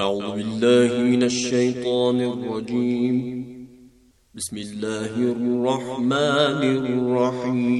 أعوذ بالله من الشيطان الرجيم بسم الله الرحمن الرحيم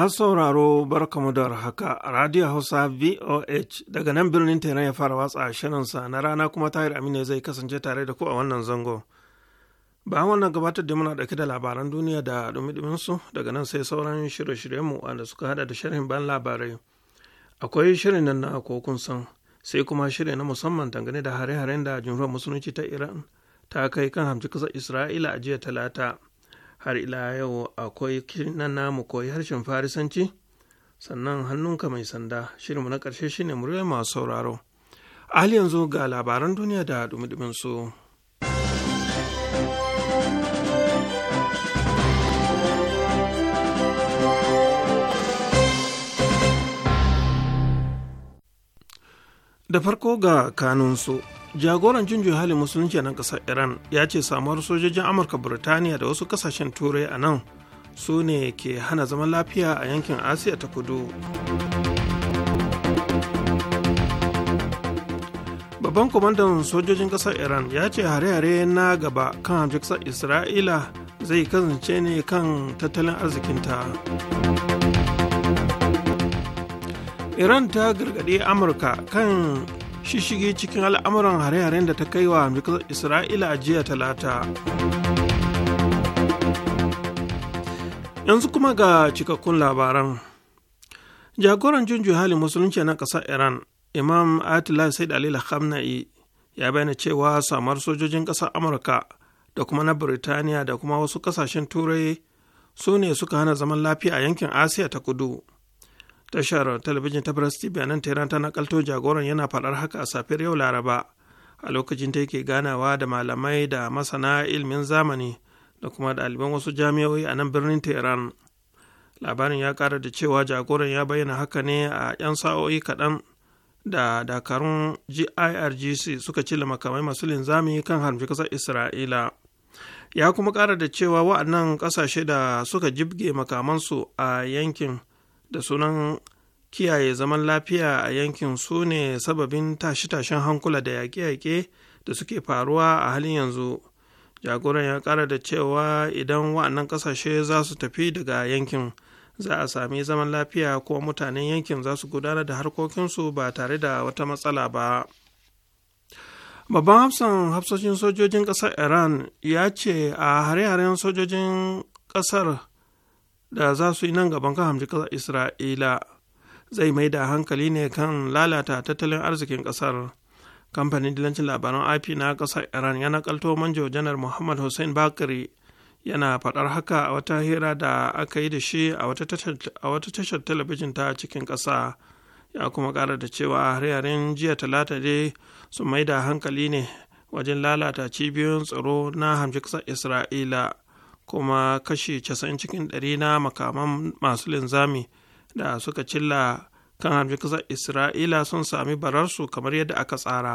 Masu sauraro barkamu da haka Radio Hausa VOH daga nan birnin Teran ya fara watsa shirinsa na rana kuma Tahir Aminu zai kasance tare da ku a wannan zango. Bayan wannan gabatar da muna ɗauke da labaran duniya da dumi su daga nan sai sauran shirye-shiryenmu wanda suka hada da sharhin ban labarai. Akwai shirin nan na kokun san sai kuma shirin na musamman dangane da hare-haren da jumhuriyar musulunci ta Iran ta kai kan hamci kasar Isra'ila a jiya talata. har ila yau akwai kinan namu koyi harshen farisanci sannan hannunka mai sanda shirinmu na ƙarshe shine murya masu sauraro hali yanzu ga labaran duniya da dumi su. da farko ga kanunsu jagoran jinjin halin musulunci a nan ƙasar iran ya ce samuwar sojojin amurka burtaniya da wasu ƙasashen turai a nan su ne ke hana zaman lafiya a yankin asiya ta kudu babban kwamandan sojojin ƙasar iran ya ce hare-hare na gaba kan hamshin isra'ila zai kasance ne kan tattalin arzikinta iran ta gargaɗi amurka kan shishige cikin al'amuran hare-haren da ta kai wa isra'ila a jiya talata yanzu kuma ga cikakkun labaran jagoran junju halin musulunci na ƙasar iran imam atila said ali khamna'i ya bayyana cewa samar sojojin ƙasar amurka da kuma na birtaniya da kuma wasu ƙasashen turai su ne suka hana zaman lafiya a yankin asiya ta kudu tashar talabijin ta press tv nan tehran ta nakalto jagoran yana faɗar haka a safiyar yau laraba a lokacin da yake ganawa da malamai da masana ilimin zamani da kuma ɗaliban wasu jami'o'i a nan birnin tehran labarin ya ƙara da cewa jagoran ya bayyana haka ne a 'yan sa'o'i kaɗan da dakarun girgc suka cile makamai masu linzami kan harbi ƙasar isra'ila ya kuma ƙara da cewa wa'annan ƙasashe da suka jibge makamansu a yankin da sunan kiyaye zaman lafiya a yankin su ne sababin tashe-tashen hankula da yaƙe-yaƙe da suke faruwa a halin yanzu jagoran ya ƙara da cewa idan wa'annan ƙasashe za su tafi daga yankin za a sami zaman lafiya ko mutanen yankin za su gudanar da harkokinsu ba tare da wata matsala ba babban hafsan hafsoshin sojojin ƙasar iran ya ce a hare-haren sojojin ƙasar da za su yi nan gaban kan hamji ƙasar isra'ila zai mai da hankali ne kan lalata tattalin arzikin ƙasar kamfanin dilancin labaran ip na ƙasar iran ya nakalto manjo janar muhammad hussein bakari yana faɗar haka a wata hira da aka yi da shi a wata tashar talabijin ta cikin ƙasa ya kuma ƙara da cewa yaren jiya talata dai su mai da hankali ne wajen lalata cibiyoyin tsaro na hamshi kasar isra'ila kuma kashi casan cikin ɗari na makaman masu linzami da suka cilla kan harbi kasar isra'ila sun sami bararsu kamar yadda aka tsara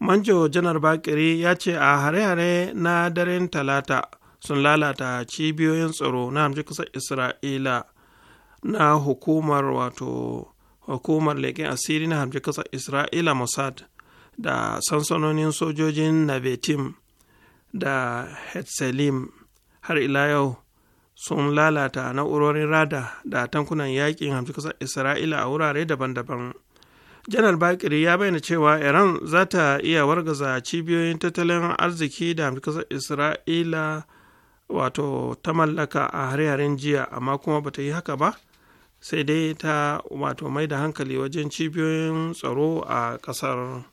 manjo janar bakiri ya ce a hare-hare na daren talata sun lalata cibiyoyin tsaro na hamji ƙasar isra'ila na hukumar wato hukumar leƙen asiri na hamji kasar isra'ila mossad da sansanonin sojojin Navetim da hetselim har ila yau sun lalata na'urorin rada da tankunan yakin hamsin kasar isra'ila a wurare daban-daban janar bakiri ya bayyana cewa iran za ta iya wargaza cibiyoyin tattalin arziki da hamsin kasar isra'ila wato ta mallaka a hare-haren jiya amma kuma bata yi haka ba sai dai ta wato mai da hankali wajen cibiyoyin tsaro a kasar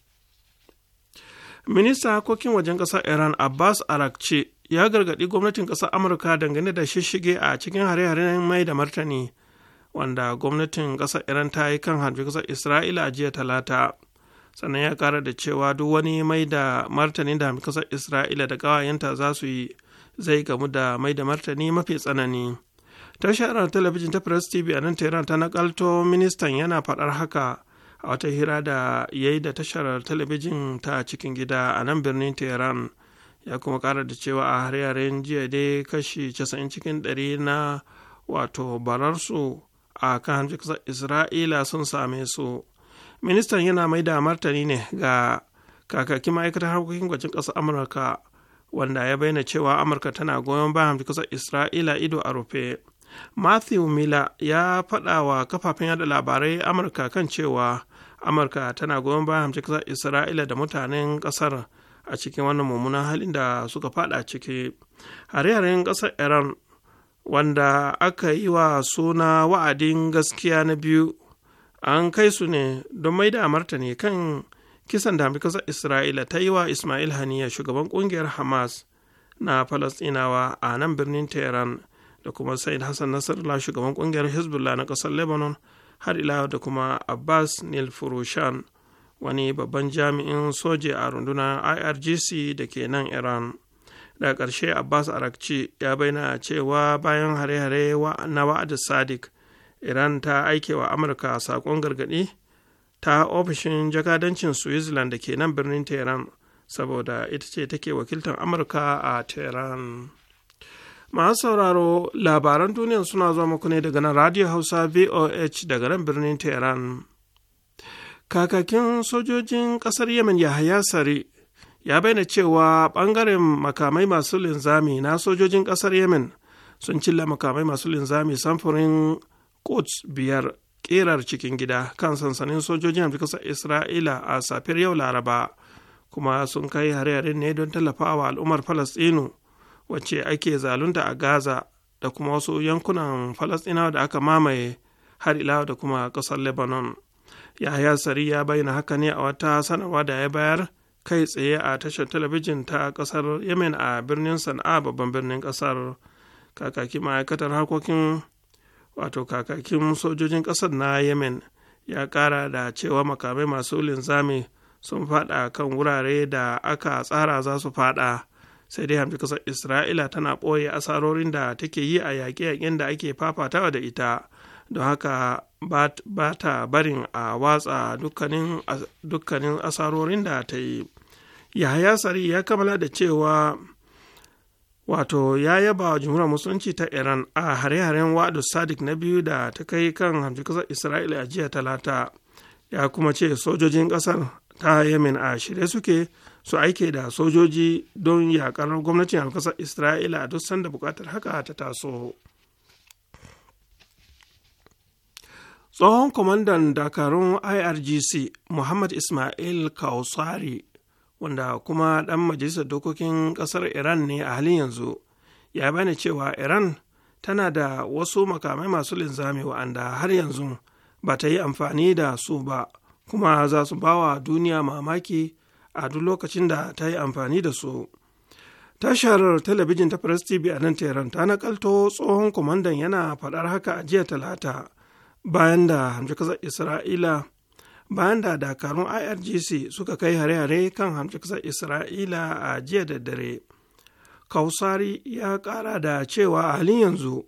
ministan harkokin wajen kasar iran abbas arakci ya gargaɗi gwamnatin ƙasar amurka dangane da shishige a cikin hare-haren mai da martani wanda gwamnatin ƙasar iran ta yi kan harbi ƙasar isra'ila a jiya talata sannan ya kara da cewa duk wani mai da martani da ƙasar isra'ila da ƙawayenta za su yi zai gamu da mai da martani mafi tsanani tashar talabijin ta press tv a nan tehran ta nakalto ministan yana faɗar haka a wata hira da ya yi da tashar talabijin ta cikin gida a nan birnin tehran ya kuma kara da cewa a har-yaren jiya dai kashi 90 cikin ɗari na wato bararsu a kan hamshin ƙasar isra'ila sun same su ministan yana mai da martani ne ga kakakin ma'aikatar harkokin gwajin ƙasar amurka wanda ya bayyana cewa amurka tana goyon bayan hamshin ƙasar isra'ila ido a rufe matthew miller ya faɗa wa kafafen yada labarai amurka kan cewa amurka tana goyon bayan hamshin ƙasar isra'ila da mutanen ƙasar a cikin wannan mummunan halin da suka fada ciki hare-haren ƙasar iran wanda aka yi wa suna wa'adin gaskiya na biyu an kai su ne don mai da martani kan kisan da kasar isra'ila ta yi wa ismail haniya shugaban kungiyar hamas na falastinawa a nan birnin tehran da kuma said hassan nasarla shugaban kungiyar hezbollah na ƙasar lebanon har ila da kuma abbas nil furushan wani babban jami'in soja a rundunar irgc da ke nan iran da ƙarshe abbas arakci ya bayyana cewa bayan hare-hare na wa'ad sadiq iran ta aike wa amurka saƙon gargaɗi ta ofishin jakadancin switzerland da ke nan birnin tehran saboda ita ce take wakiltar amurka a tehran masu sauraro labaran duniya suna zuwa muku ne daga nan radio hausa voh daga nan birnin tehran kakakin sojojin ƙasar yemen yahaya sare ya bayyana cewa ɓangaren makamai masu linzami na sojojin ƙasar yemen sun cilla makamai masu linzami samfurin quds biyar ƙerar cikin gida kan sansanin sojojin amurka isra'ila a safiyar yau laraba kuma sun kai hare-haren ne don tallafawa al'ummar falastinu wacce ake zalunta a gaza da kuma wasu yankunan falastinawa da aka mamaye har ila da kuma ƙasar lebanon yahaya sari ya bayyana haka ne a wata sanarwa da ya bayar kai tsaye a tashar talabijin ta kasar yemen a birnin sana'a babban birnin kasar kakakin ma'aikatar harkokin wato kakakin sojojin kasar na yemen ya kara da cewa makamai masu linzami sun fada kan wurare da aka tsara za su fada sai dai hamji kasar isra'ila tana ɓoye asarorin da take yi a yaƙe-yaƙen da ake fafatawa da ita don haka ba ta barin a watsa dukkanin asarorin da ta yi yahaya sari ya kammala da cewa wato ya yaba wa jumhuriyar musulunci ta iran a hare-haren wadu sadik na biyu da ta kai kan hamsin kasar isra'ila a jiya talata ya kuma ce sojojin kasar ta yemen a shirye suke su aike da sojoji don yakar gwamnatin hamsin isra'ila a duk sanda bukatar haka ta taso. tsohon kwamandan dakarun irgc muhammad ismail kausari wanda kuma ɗan majalisar dokokin ƙasar iran ne a halin yanzu ya bani cewa iran tana da wasu makamai masu linzami wa'anda har yanzu ba ta yi amfani da su ba kuma za su ba wa duniya mamaki a duk lokacin da ta yi amfani da su tashar talabijin ta press tv a nan tehran ta nakalto tsohon kwamandan yana faɗar haka a jiya talata bayan da isra'ila bayan da dakarun irgc suka kai hare-hare kan hamshe isra'ila a jiya da dare kausari ya kara da cewa a halin yanzu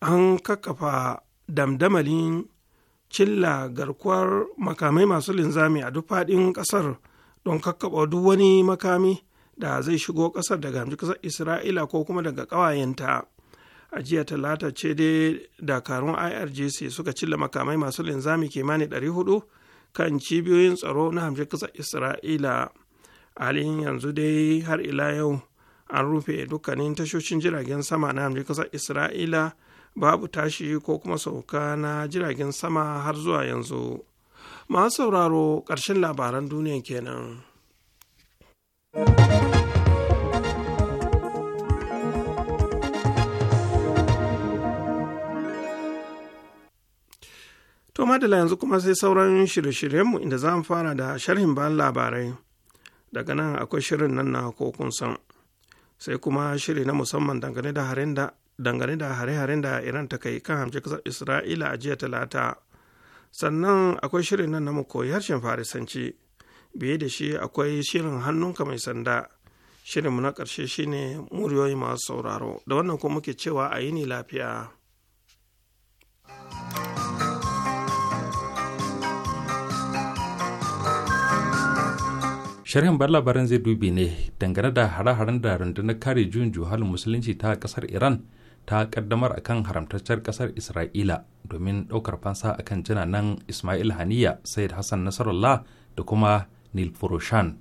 an kakkafa damdamalin cilla garkuwar makamai masu linzami a duk faɗin ƙasar don kakkaɓa duk wani makami da zai shigo ƙasar daga hamshe isra'ila ko kuma daga ƙawayenta a jiya talata ce dai dakarun irgc suka cilla makamai masu linzami kimanin 400 kan cibiyoyin tsaro na hamshe kasa isra'ila halin yanzu dai har ila yau an rufe dukkanin tashoshin jiragen sama na hamshe kasa isra'ila babu tashi ko kuma sauka na jiragen sama har zuwa yanzu masu sauraro ƙarshen labaran duniya kenan. To madala yanzu kuma sai sauran shirye-shiryenmu inda za mu fara da sharhin bayan labarai. Daga nan akwai shirin nan na kokun san. Sai kuma shiri na musamman dangane da harin da dangane da hare-haren da Iran ta kai kan hamshe kasar Isra'ila a jiya talata. Sannan akwai shirin nan na mu koyi harshen Farisanci. Biye da shi akwai shirin hannunka mai sanda. Shirinmu na ƙarshe shine muryoyi masu sauraro. Da wannan kuma muke cewa a yini lafiya. sharhin bar labaran zai dubi ne dangane da hare-haren da rundunar kare juyin juhalin musulunci ta kasar iran ta kaddamar akan haramtaccen kasar isra'ila domin daukar fansa akan jinanan ismail haniya said hassan nasarallah da kuma nil furushan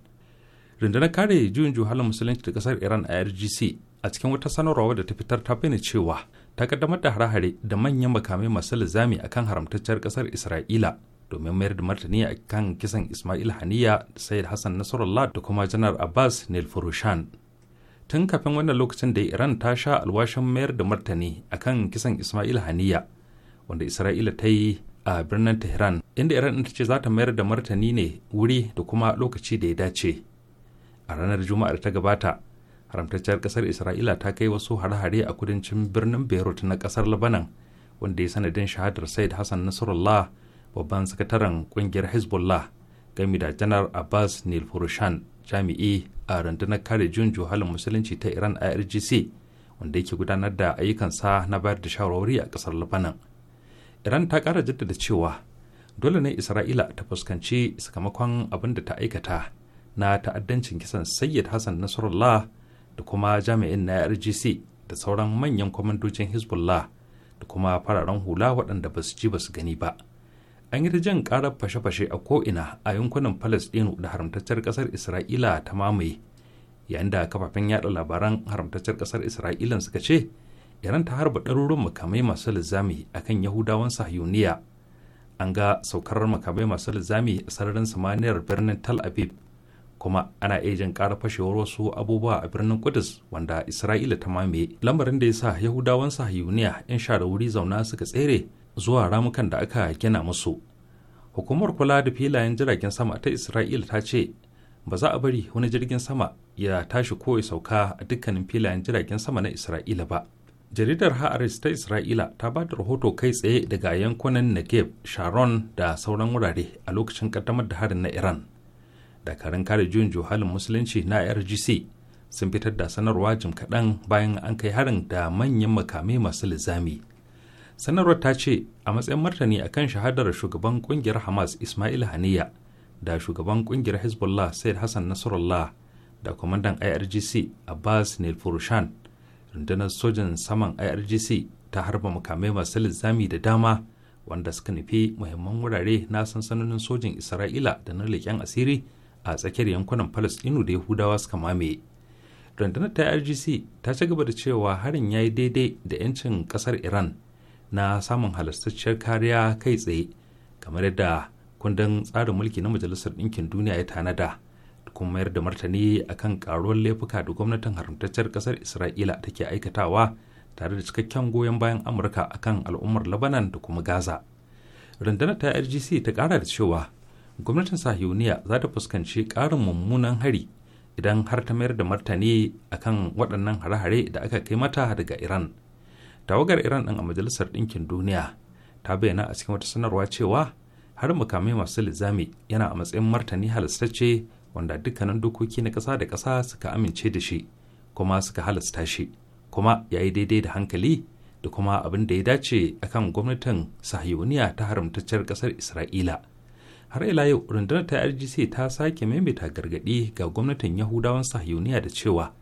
rundunar kare juyin juhalin musulunci da kasar iran a rgc a cikin wata sanarwa da ta fitar ta bayyana cewa ta kaddamar da hare-hare da manyan makamai masu lizami akan haramtaccen kasar isra'ila domin mayar da martani a kan kisan ismail haniya da Sayyid hassan Nasrullah da kuma janar abbas nil furushan tun kafin wannan lokacin da iran ta sha alwashin mayar da martani a kan kisan ismail haniya wanda isra'ila ta yi a birnin tehran inda iran ta ce za ta mayar da martani ne wuri da kuma lokaci da ya dace a ranar juma'ar ta gabata haramtacciyar kasar isra'ila ta kai wasu hare-hare a kudancin birnin beirut na kasar labanan wanda ya sanadin shahadar said hassan nasrullah babban sakataren kungiyar hezbollah gami da janar abbas nilfurushan jami'i a rundunar kare jun juhalin musulunci ta iran irgc wanda yake gudanar da ayyukansa na bayar da shawarwari a kasar labanan iran ta kara jaddada cewa dole ne isra'ila ta fuskanci sakamakon abin da ta aikata na ta'addancin kisan sayyid hassan nasrullah da kuma jami'in na rgc da sauran manyan kwamandocin hezbollah da kuma fararen hula waɗanda ba su ji ba su gani ba an yi ta jan karar fashe-fashe a ko'ina a yankunan palestino da haramtaccen ƙasar isra'ila ta mamaye yayin da kafafen yada labaran haramtaccen ƙasar isra'ila suka ce iran ta harba ɗarurin makamai masu lizami akan yahudawan sahiyuniya an ga saukar makamai masu lizami a sararin samaniyar birnin tal aviv kuma ana iya jin ƙara fashewar wasu abubuwa a birnin Kudus wanda Isra'ila ta mamaye lamarin da ya sa Yahudawan Sahiyuniya 'yan sha da wuri zauna suka tsere zuwa ramukan da aka gina musu hukumar kula da filayen jiragen sama ta isra'ila ta ce ba za a bari wani jirgin sama ya tashi ko ya sauka a dukkanin filayen jiragen sama na isra'ila ba jaridar ha'aris ta isra'ila ta ba da rahoto kai tsaye daga yankunan negev sharon da sauran wurare a lokacin kaddamar da harin na iran dakarun kare juyin juhalin musulunci na rgc sun fitar da sanarwa jim kaɗan bayan an kai harin da manyan makamai masu lizami sanarwar ta ce a matsayin martani a kan shahadar shugaban kungiyar hamas ismail haniya da shugaban kungiyar hezbollah said hassan nasrullah da kwamandan irgc abbas nilfurushan rundunar sojan saman irgc ta harba makamai masu linzami da dama wanda suka nufi muhimman wurare na sansanonin sojin isra'ila da na leƙen asiri a tsakiyar yankunan palestinu da yahudawa suka mamaye rundunar ta irgc ta ci gaba da cewa harin ya yi daidai da 'yancin ƙasar iran na samun halastacciyar kariya kai tsaye kamar yadda kundin tsarin mulki na majalisar ɗinkin duniya ya tanada da kuma mayar da martani a kan ƙaruwar laifuka da gwamnatin haramtacciyar ƙasar isra'ila take aikatawa tare da cikakken goyon bayan amurka a kan al'ummar labanan da kuma gaza rundunar ta rgc ta ƙara da cewa gwamnatin sahiyuniya za ta fuskanci ƙarin mummunan hari idan har ta mayar da martani akan waɗannan hare-hare da aka kai mata daga iran tawagar iran din a majalisar ɗinkin duniya ta bayyana a cikin wata sanarwa cewa har mukamai masu lizami yana a matsayin martani halastacce wanda dukkanin dokoki na ƙasa da ƙasa suka amince da shi kuma suka halasta shi kuma ya yi daidai da hankali da kuma abin da ya dace akan gwamnatin sahiyoniya ta haramtacciyar ƙasar isra'ila har ila yau rundunar ta rgc ta sake maimaita gargaɗi ga gwamnatin yahudawan sahiyoniya da cewa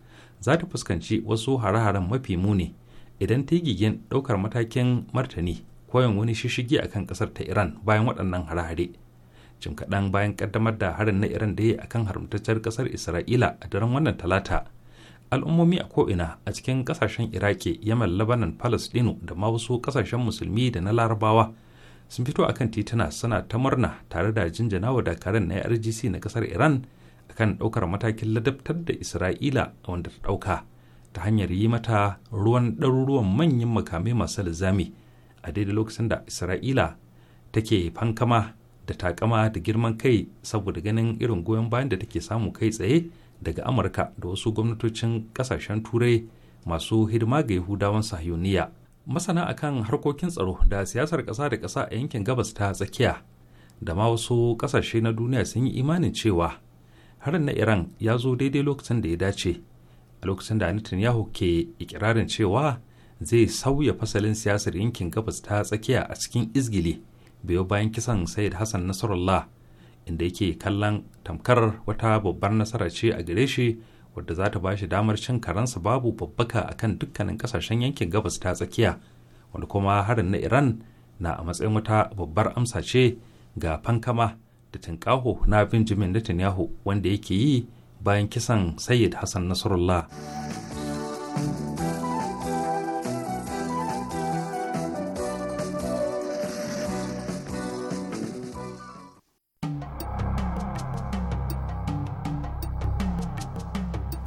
za ta fuskanci wasu hare-haren mafi muni idan ta yi gigin ɗaukar matakin martani koyon wani shishigi a kan ƙasar ta iran bayan waɗannan hare-hare jim kaɗan bayan ƙaddamar da harin na iran da ya yi a kan haramtacciyar ƙasar isra'ila a daren wannan talata al'ummomi a ko'ina a cikin kasashen iraki yaman labanan palestino da ma wasu ƙasashen musulmi da na larabawa sun fito akan tituna suna ta murna tare da wa dakarun na rgc na ƙasar iran akan ɗaukar matakin ladabtar da isra'ila wanda ta ɗauka ta hanyar yi mata ruwan ɗaruruwan manyan makamai masu lizami a daidai lokacin da isra'ila take fankama da takama da girman kai saboda ganin irin goyon bayan da take samu kai tsaye daga amurka da wasu gwamnatocin kasashen turai masu hidima ga yahudawan sahiyoniya masana akan harkokin tsaro da siyasar ƙasa da ƙasa a yankin gabas ta tsakiya da ma wasu ƙasashe na duniya sun yi imanin cewa harin na iran ya zo daidai lokacin da ya dace a lokacin da Netanyahu ke ikirarin cewa zai sauya fasalin siyasar yankin gabas ta tsakiya a cikin izgili biyo bayan kisan Said Hassan Nasrallah inda yake kallon tamkar wata babbar nasara ce a gare shi wadda za ta ba shi damar cin karansa babu babbaka akan dukkanin kasashen yankin gabas ta tsakiya wanda kuma harin na Iran na a matsayin wata babbar amsa ce ga fankama da tinkaho na Benjamin Netanyahu wanda yake yi bayan kisan sayyid hassan nasrullah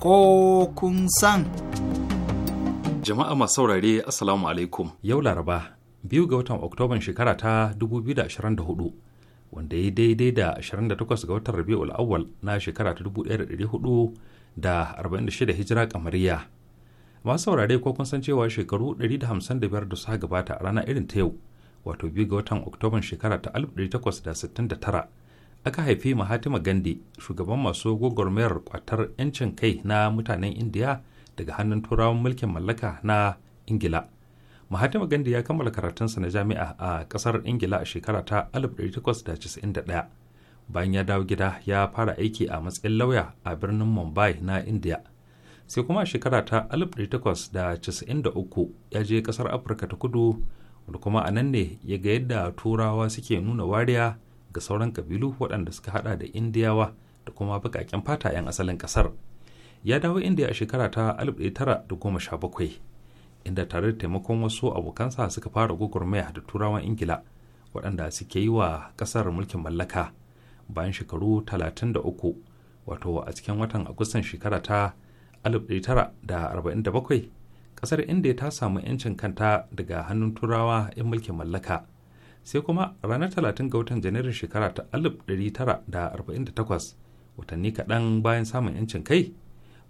ko kun san. Jama'a masu saurare Assalamu alaikum. Yau Laraba, biyu ga watan Oktoban shekara ta 2024. wanda ya daidai da 28 ga watan rabi'ul awwal na shekara ta 1446 hijira kamariya masu saurare ko kun san cewa shekaru 155 da suka gabata a rana irin ta yau wato biyu ga watan oktoban shekara ta 1869 aka haifi mahatima gandhi shugaban masu gwagwarmayar kwatar 'yancin kai na mutanen indiya daga hannun turawan mulkin mallaka na ingila Mahatma Gandhi ya kammala karatunsa na jami'a a kasar Ingila a shekara ta 1891. Bayan ya dawo gida ya fara aiki a matsayin lauya a birnin Mumbai na India. Sai kuma a shekara ta 1893 ya je kasar Afirka ta kudu wanda kuma a nan ne ya ga yadda turawa suke nuna wariya ga sauran kabilu waɗanda suka hada da indiyawa da kuma baƙaƙen fata 'yan asalin ƙasar ya dawo indiya a shekara ta 1917 inda tare da taimakon wasu abokansa suka fara gwagwarmaya da turawan ingila waɗanda suke yi wa ƙasar mulkin mallaka bayan shekaru 33 wato a cikin watan agustan shekara ta 1947 ƙasar india ta samu 'yancin kanta daga hannun turawa 'yan mulkin mallaka sai kuma ranar 30 ga watan janairun shekara ta 1948 watanni kaɗan bayan samun 'yancin kai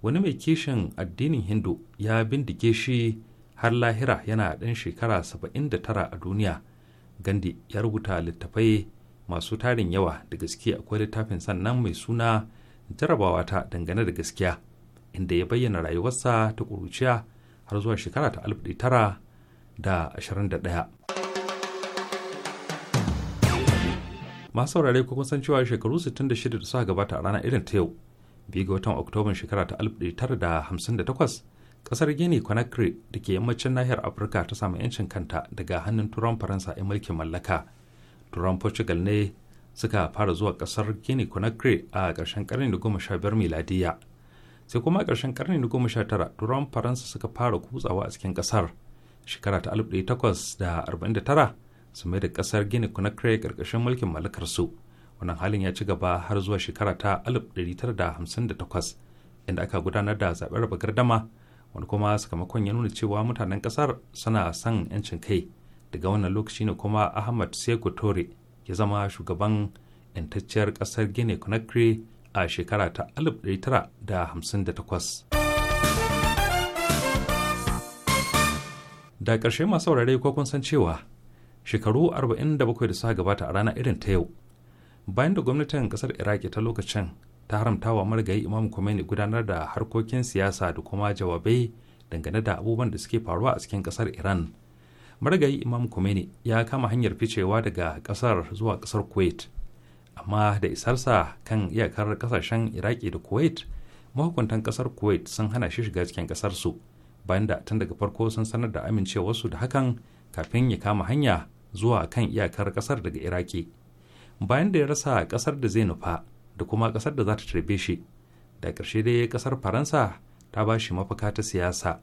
wani mai kishin addinin hindu ya bindige shi har lahira yana ɗan shekara 79 a duniya gandi ya rubuta littafai masu tarin yawa da gaske akwai littafin sannan mai suna jarabawa ta dangane da gaskiya inda ya bayyana rayuwarsa ta ƙuruciya har zuwa shekara ta 1921 masu saurare kuma san cewa shekaru 66 da suka gabata a rana irin ta yau biyu ga watan oktoban shekara ta 1958 kasar guinea conakry da ke yammacin nahiyar afirka ta samu 'yancin kanta daga hannun turan faransa 'yan mulkin mallaka turan portugal ne suka fara zuwa kasar guinea conakry a ƙarshen karni na goma sha biyar miladiya sai kuma a ƙarshen karni na goma sha tara turan faransa suka fara kutsawa a cikin kasar shekara ta alif ɗaya takwas da arba'in da tara su mai da kasar guinea conakry ƙarƙashin mulkin mallakar su wannan halin ya ci gaba har zuwa shekara ta alif ɗari tara da hamsin da takwas inda aka gudanar da zaɓen raba gardama wani kuma sakamakon ya nuna cewa mutanen kasar suna son 'yancin kai daga wannan lokaci ne kuma ahmad seko tore ya zama shugaban 'yantacciyar kasar guinea conakry a shekara ta 1958 da ƙarshe masu saurare ko kun san cewa shekaru 47 da suka gabata a rana irin ta yau bayan da gwamnatin kasar iraki ta lokacin ta haramtawa marigayi imam Khomeini gudanar da harkokin siyasa da kuma jawabai dangane da abubuwan da suke faruwa a cikin kasar iran marigayi imam Khomeini ya kama hanyar ficewa daga kasar zuwa kasar kuwait amma da isarsa kan iyakar kasashen iraki da kuwait mahukuntan kasar kuwait sun hana shi shiga cikin kasar su bayan da tun daga farko sun sanar da amincewarsu da hakan kafin ya kama hanya zuwa kan iyakar kasar daga iraki bayan da ya rasa kasar da zai nufa da kuma ƙasar da za ta tarbe shi da ƙarshe dai ƙasar faransa ta ba shi mafaka ta siyasa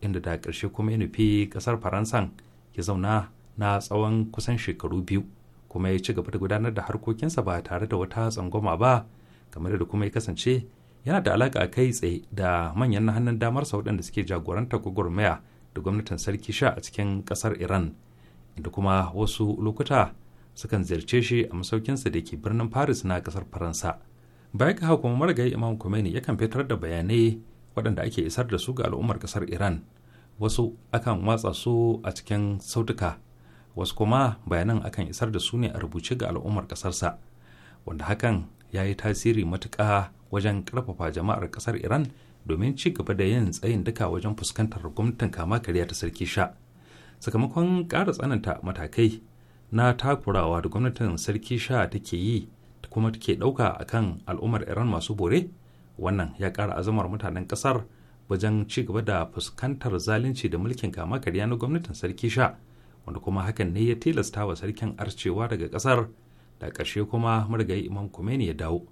inda da ƙarshe kuma ya nufi ƙasar faransan ya zauna na tsawon kusan shekaru biyu kuma ya ci gaba da gudanar da harkokinsa ba tare da wata tsangwama ba kamar da kuma ya kasance yana da alaƙa kai tsaye da manyan na hannun damarsa waɗanda suke jagoranta gwagwarmaya da gwamnatin sarki sha a cikin ƙasar iran da kuma wasu lokuta sukan ziyarce shi a masaukin masaukinsa da ke birnin paris na kasar faransa baya ga haka kuma marigayi imam khomeini yakan fitar da bayanai waɗanda ake isar da su ga al'ummar kasar iran wasu akan watsa su a cikin sautuka wasu kuma bayanan akan isar da su ne a rubuce ga al'ummar kasarsa wanda hakan ya yi tasiri matuƙa wajen ƙarfafa jama'ar kasar iran domin ci gaba da yin tsayin duka wajen fuskantar gwamnatin kama karya ta sarki sha sakamakon ƙara tsananta matakai na takurawa da gwamnatin sarki sha take yi kuma take ɗauka kan al'ummar iran masu bore wannan ya kara azamar mutanen kasar wajen ci gaba da fuskantar zalunci da mulkin kama karya na gwamnatin sarki sha wanda kuma hakan ne ya tilasta wa sarkin arcewa daga kasar? da ƙarshe kuma marigayi imam kumeni ya dawo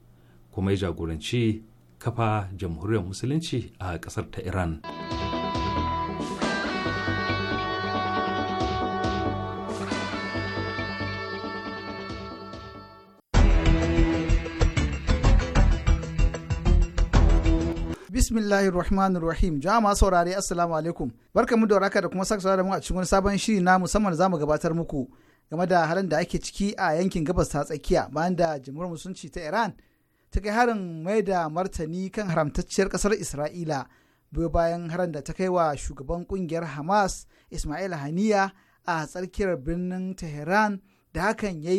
kuma ya jagoranci kafa jamhuriyar musulunci a kasar ta iran. bismillahirrahmanirrahim rahmanir rahim jama'a saurare assalamu alaikum barkamu da waraka da kuma sake da mu a cikin wani sabon shiri na musamman zamu gabatar muku game da halin da ake ciki a yankin gabas ta tsakiya bayan da jamhuriyar musulunci ta iran ta kai harin mai da martani kan haramtacciyar kasar isra'ila biyo bayan harin da ta kai wa shugaban kungiyar hamas ismail haniya a tsarkiyar birnin tehran da hakan ya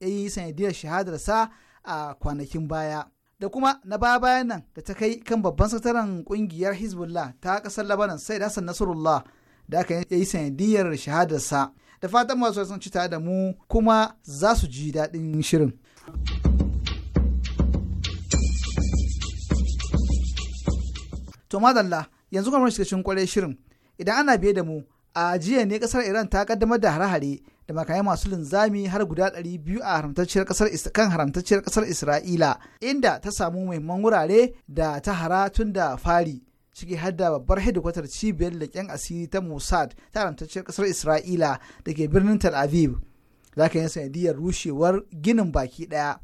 yi sanadiyar shahadarsa a kwanakin baya da kuma na baya bayan nan da ta kai kan babban sakataren kungiyar hezbollah ta kasar labanan sai da hassan nasarullah da aka yi sanadiyar shahadarsa da fatan masu sun ci da mu kuma za su ji daɗin shirin. to madalla yanzu kamar shiga shirin idan ana biye da mu a jiya ne kasar iran ta kaddamar da hare-hare da makamai masu linzami har guda 200 a kan haramtacciyar kasar isra'ila inda ta samu muhimman wurare da ta hara tun da fari ciki har da babbar hedikwatar cibiyar leƙen asiri ta mossad ta haramtacciyar kasar isra'ila da ke birnin tel aviv za ka yi sanadiyar rushewar ginin baki ɗaya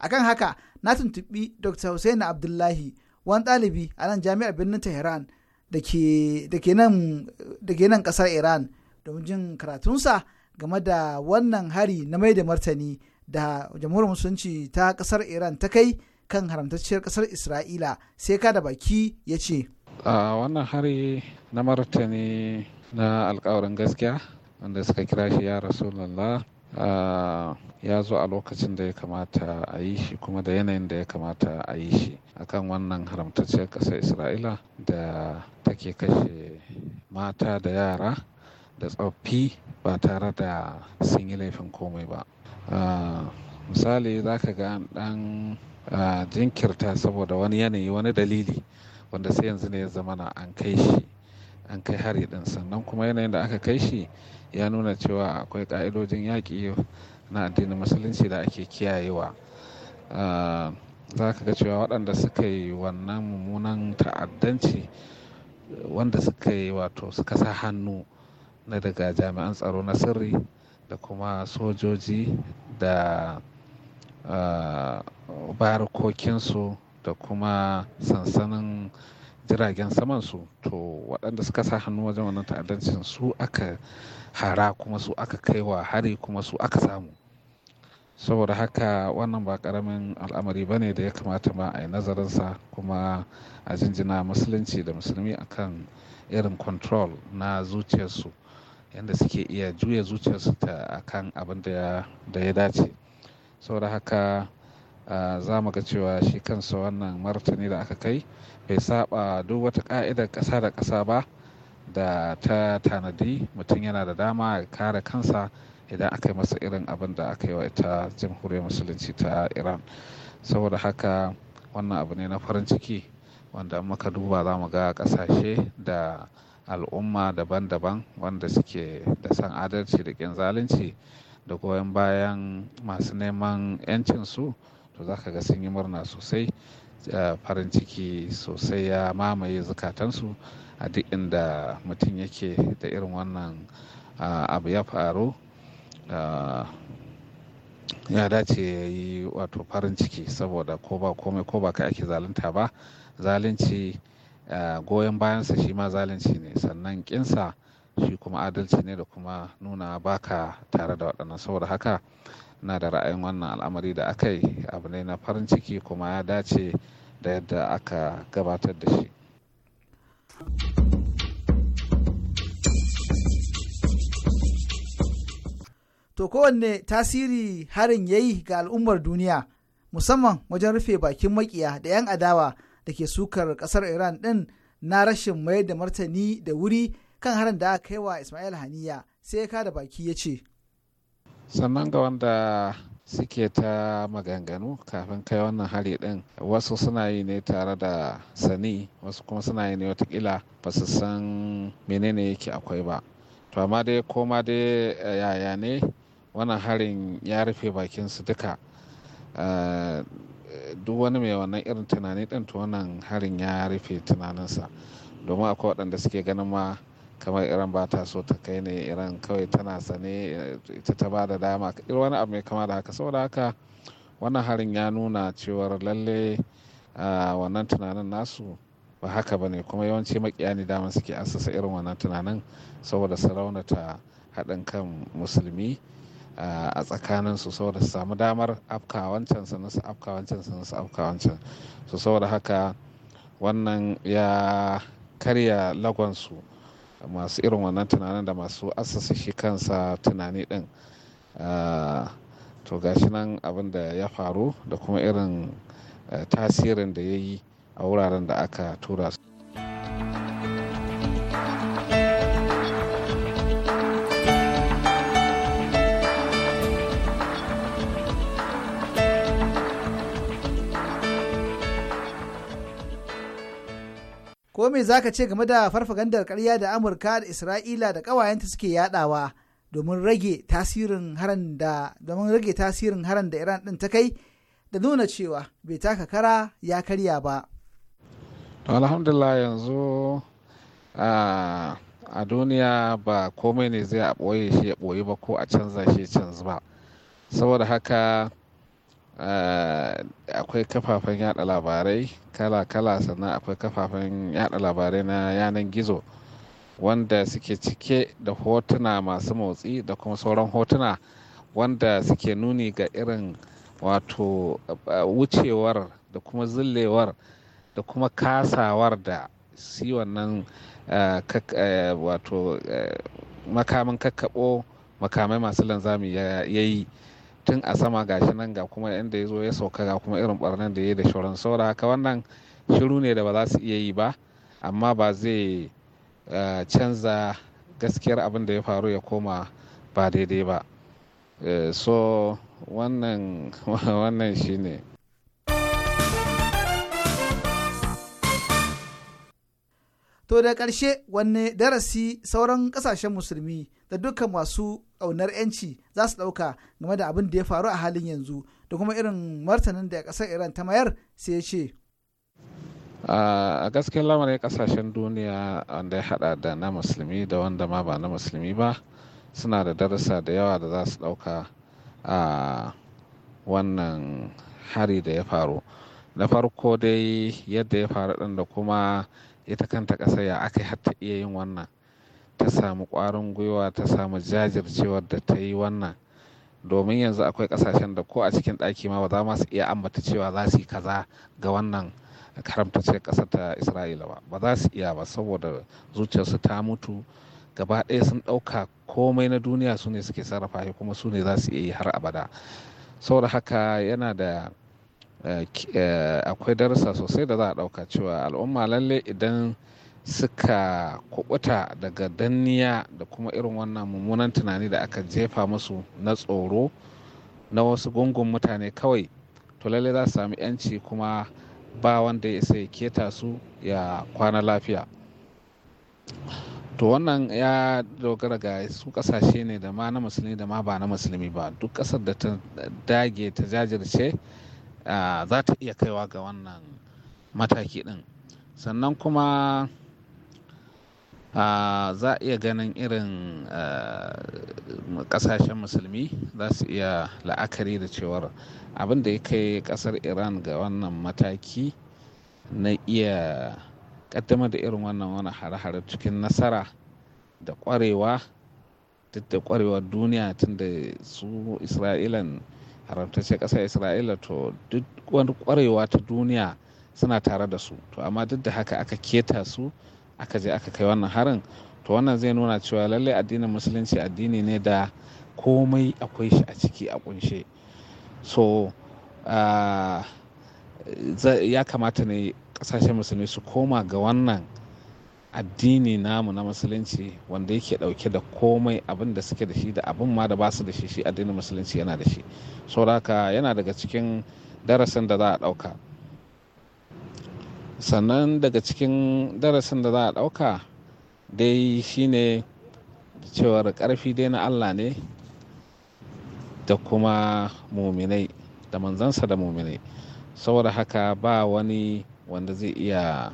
akan haka na tuntuɓi dr hussein abdullahi wani ɗalibi a nan jami'ar birnin tehran da ke nan kasar iran domin jin karatunsa game da wannan hari na mai da martani da jamhuriyar musulunci ta kasar iran ta kai kan haramtacciyar kasar isra'ila sai ka da baki ya ce wannan hari na martani na alkawarin gaskiya wanda suka kira shi ya rasulallah Ah, ya zo a lokacin da ya kamata a yi shi kuma da yanayin da ya kamata a yi shi akan wannan haramtacciyar ƙasar isra'ila da take kashe mata da yara da tsoffi ba tare da sun yi laifin komai ba ah, misali za ka ga an ɗan ah, jinkirta saboda wani yanayi wani dalili wanda sai yanzu ne ya zama na an kai shi an kai hari ɗin sannan kuma yanayin da aka kai shi ya nuna cewa akwai ƙa'idojin yaƙi na addinin musulunci da ake kiyayewa ah, za ka ga cewa waɗanda suka yi wannan mummunan ta'addanci wanda suka yi wato suka sa hannu na daga jami'an tsaro na sirri da kuma sojoji da ah, barkokinsu da kuma sansanin jiragen saman su to waɗanda suka sa hannu wajen wannan ta'addancin su aka hara kuma su aka kai wa hari kuma su aka samu saboda haka wannan ba karamin al'amari ba ne da ya kamata ma a yi nazarinsa kuma a jinjina musulunci da musulmi akan irin control na zuciyarsu yadda suke iya juya zuciyarsu ta akan abin da ya dace saboda haka ah, za mu ga cewa shi kansa wannan martani da aka kai bai saba duk wata ka'idar ƙasa da ƙasa ba da ta tanadi mutum yana da dama ya kare kansa idan aka yi masa irin abin da aka yi wa ita jamhuriyar musulunci ta iran saboda haka wannan abu ne na farin ciki wanda muka duba za mu ga ƙasashe da al'umma daban-daban wanda suke da san adalci da ƙin zalunci da goyon bayan masu neman 'yancinsu to za ka ga sun yi murna sosai Eh, farin ciki sosai ya mamaye zukatansu a duk inda mutum yake da irin wannan eh, abu ya faru eh, ya dace ya yi wato farin ciki saboda ko ba komai ko ba ka ake zalunta ba zalunci goyon bayansa shi ma zalunci ne sannan kinsa shi kuma adalci ne da kuma nuna baka tare da waɗannan saboda haka na da ra'ayin wannan al'amari da aka yi abu ne na farin ciki kuma ya dace da yadda aka gabatar da shi to kowanne tasiri harin ya yi ga al'ummar duniya musamman wajen rufe bakin makiya da 'yan adawa da ke sukar kasar iran din na rashin mayar da martani da wuri kan harin da aka kai wa ismail haniya sai ya kada baki ya ce sannan ga wanda suke ta maganganu kafin kai wannan hari din wasu suna yi ne tare da sani wasu kuma suna yi ne watakila ba su san menene yake akwai ba to amma dai koma dai eh, yaya ne wannan harin ya rufe bakinsu duka eh, duk wani mai wannan irin tunani din to wannan harin ya rufe tunaninsa domin akwai waɗanda suke ganin ma kamar irin ba ta so ta kai ne irin kawai tana sane ita ta ba da dama wani abu mai kama da haka saboda haka wannan harin ya nuna cewar lalle wannan tunanin nasu ba haka ba ne kuma yawanci makiya ne dama suke asasa irin wannan tunanin saboda su raunata haɗin kan musulmi a tsakanin su saboda su samu damar afkawancan sannan su afkawancan sannan su afkawancan su saboda haka wannan ya karya lagonsu masu irin wannan tunanin da masu assasa shi kansa tunani din ah, to gashi nan abin da ya faru da kuma irin eh, tasirin da ya yi a wuraren da aka tura su ko zaka ce game da farfagandar karya da amurka da isra'ila da kawayenta suke yadawa domin rage tasirin haran da domin rage tasirin haran da iran din ta kai da nuna cewa bai taka kara ya karya ba to alhamdulillah yanzu a duniya ba komai ne zai a ɓoye shi ya ɓoye ba ko a canza shi canza ba saboda haka Eh, akwai kafafen yada labarai kala-kala sannan akwai kafafen yada labarai na yanar gizo wanda suke cike da hotuna masu motsi da kuma sauran hotuna wanda suke nuni ga irin wato eh, wucewar da kuma zillewar da kuma kasawar da si wannan eh, wato makamin kakkaɓo makamai masu linzami ya yi tun a sama gashi nan ga kuma inda ya zo ya sauka ga kuma irin barnan da ya da shoran saura haka wannan shiru ne da ba za su iya yi ba amma ba zai eh, canza gaskiyar abin da ya faru ya koma ba daidai ba eh, so wannan wannan shine to da ƙarshe wanne darasi sauran ƙasashen musulmi da dukkan masu ƙaunar 'yanci za su ɗauka game da abin da ya faru a halin yanzu da kuma irin martanin da ya ƙasar iran ta mayar sai ya ce a gaskiyar lamarin kasashen duniya wanda ya hada da na musulmi da wanda ma ba na musulmi ba suna da darasa da yawa da za su dauka a wannan hari da ya faru na farko dai yadda ya faru ɗin da kuma ita kanta ƙasa ya aka hatta iya yin wannan ta samu ƙwarin gwiwa ta samu jajircewar da ta yi wannan domin yanzu akwai ƙasashen da ko a cikin ɗaki ma ba za ma su iya ambata cewa za su yi kaza ga wannan karamtace ƙasar ta isra'ila ba ba za su iya ba saboda zuciyarsu ta mutu gaba ɗaya sun ɗauka komai na duniya su ne suke sarrafa shi kuma su ne za su iya yi har abada saboda haka yana da eh, eh, akwai darussa sosai da za a ɗauka cewa al'umma lalle idan suka kubuta daga danniya da kuma irin wannan mummunan tunani da aka jefa musu na tsoro na wasu gungun mutane kawai to lallai za su sami yanci kuma ba wanda ya sai keta su ya kwana lafiya to wannan ya dogara ga su kasashe ne da ma na musulmi da ma ba na musulmi ba duk kasar da ta dage ta jajirce ah, za ta iya kaiwa ga wannan mataki din sannan kuma za a iya ganin irin kasashen musulmi za su iya la'akari da cewar abinda da ya kai kasar iran ga wannan mataki na iya kaddamar da irin wannan wani hare-hare cikin nasara da kwarewa duk da kwarewar duniya tun da su isra'ilan haramtacce kasar isra'ila to duk wani kwarewa ta duniya suna tare da su to amma duk da haka aka keta su aka je aka kai wannan harin to wannan zai nuna cewa lallai addinin musulunci addini ne da komai akwai shi a ciki a kunshe so ya kamata ne kasashen musulmi su koma ga wannan addini namu na musulunci wanda yake dauke da komai abin da suke da shi da abin ma da ba su da shi shi addinin musulunci yana da shi sauraka yana daga cikin darasin da za a dauka sannan daga cikin darasin da za a ɗauka dai shine cewar ƙarfi dai na allah ne da kuma muminai da manzansa da muminai saboda haka ba wani wanda zai iya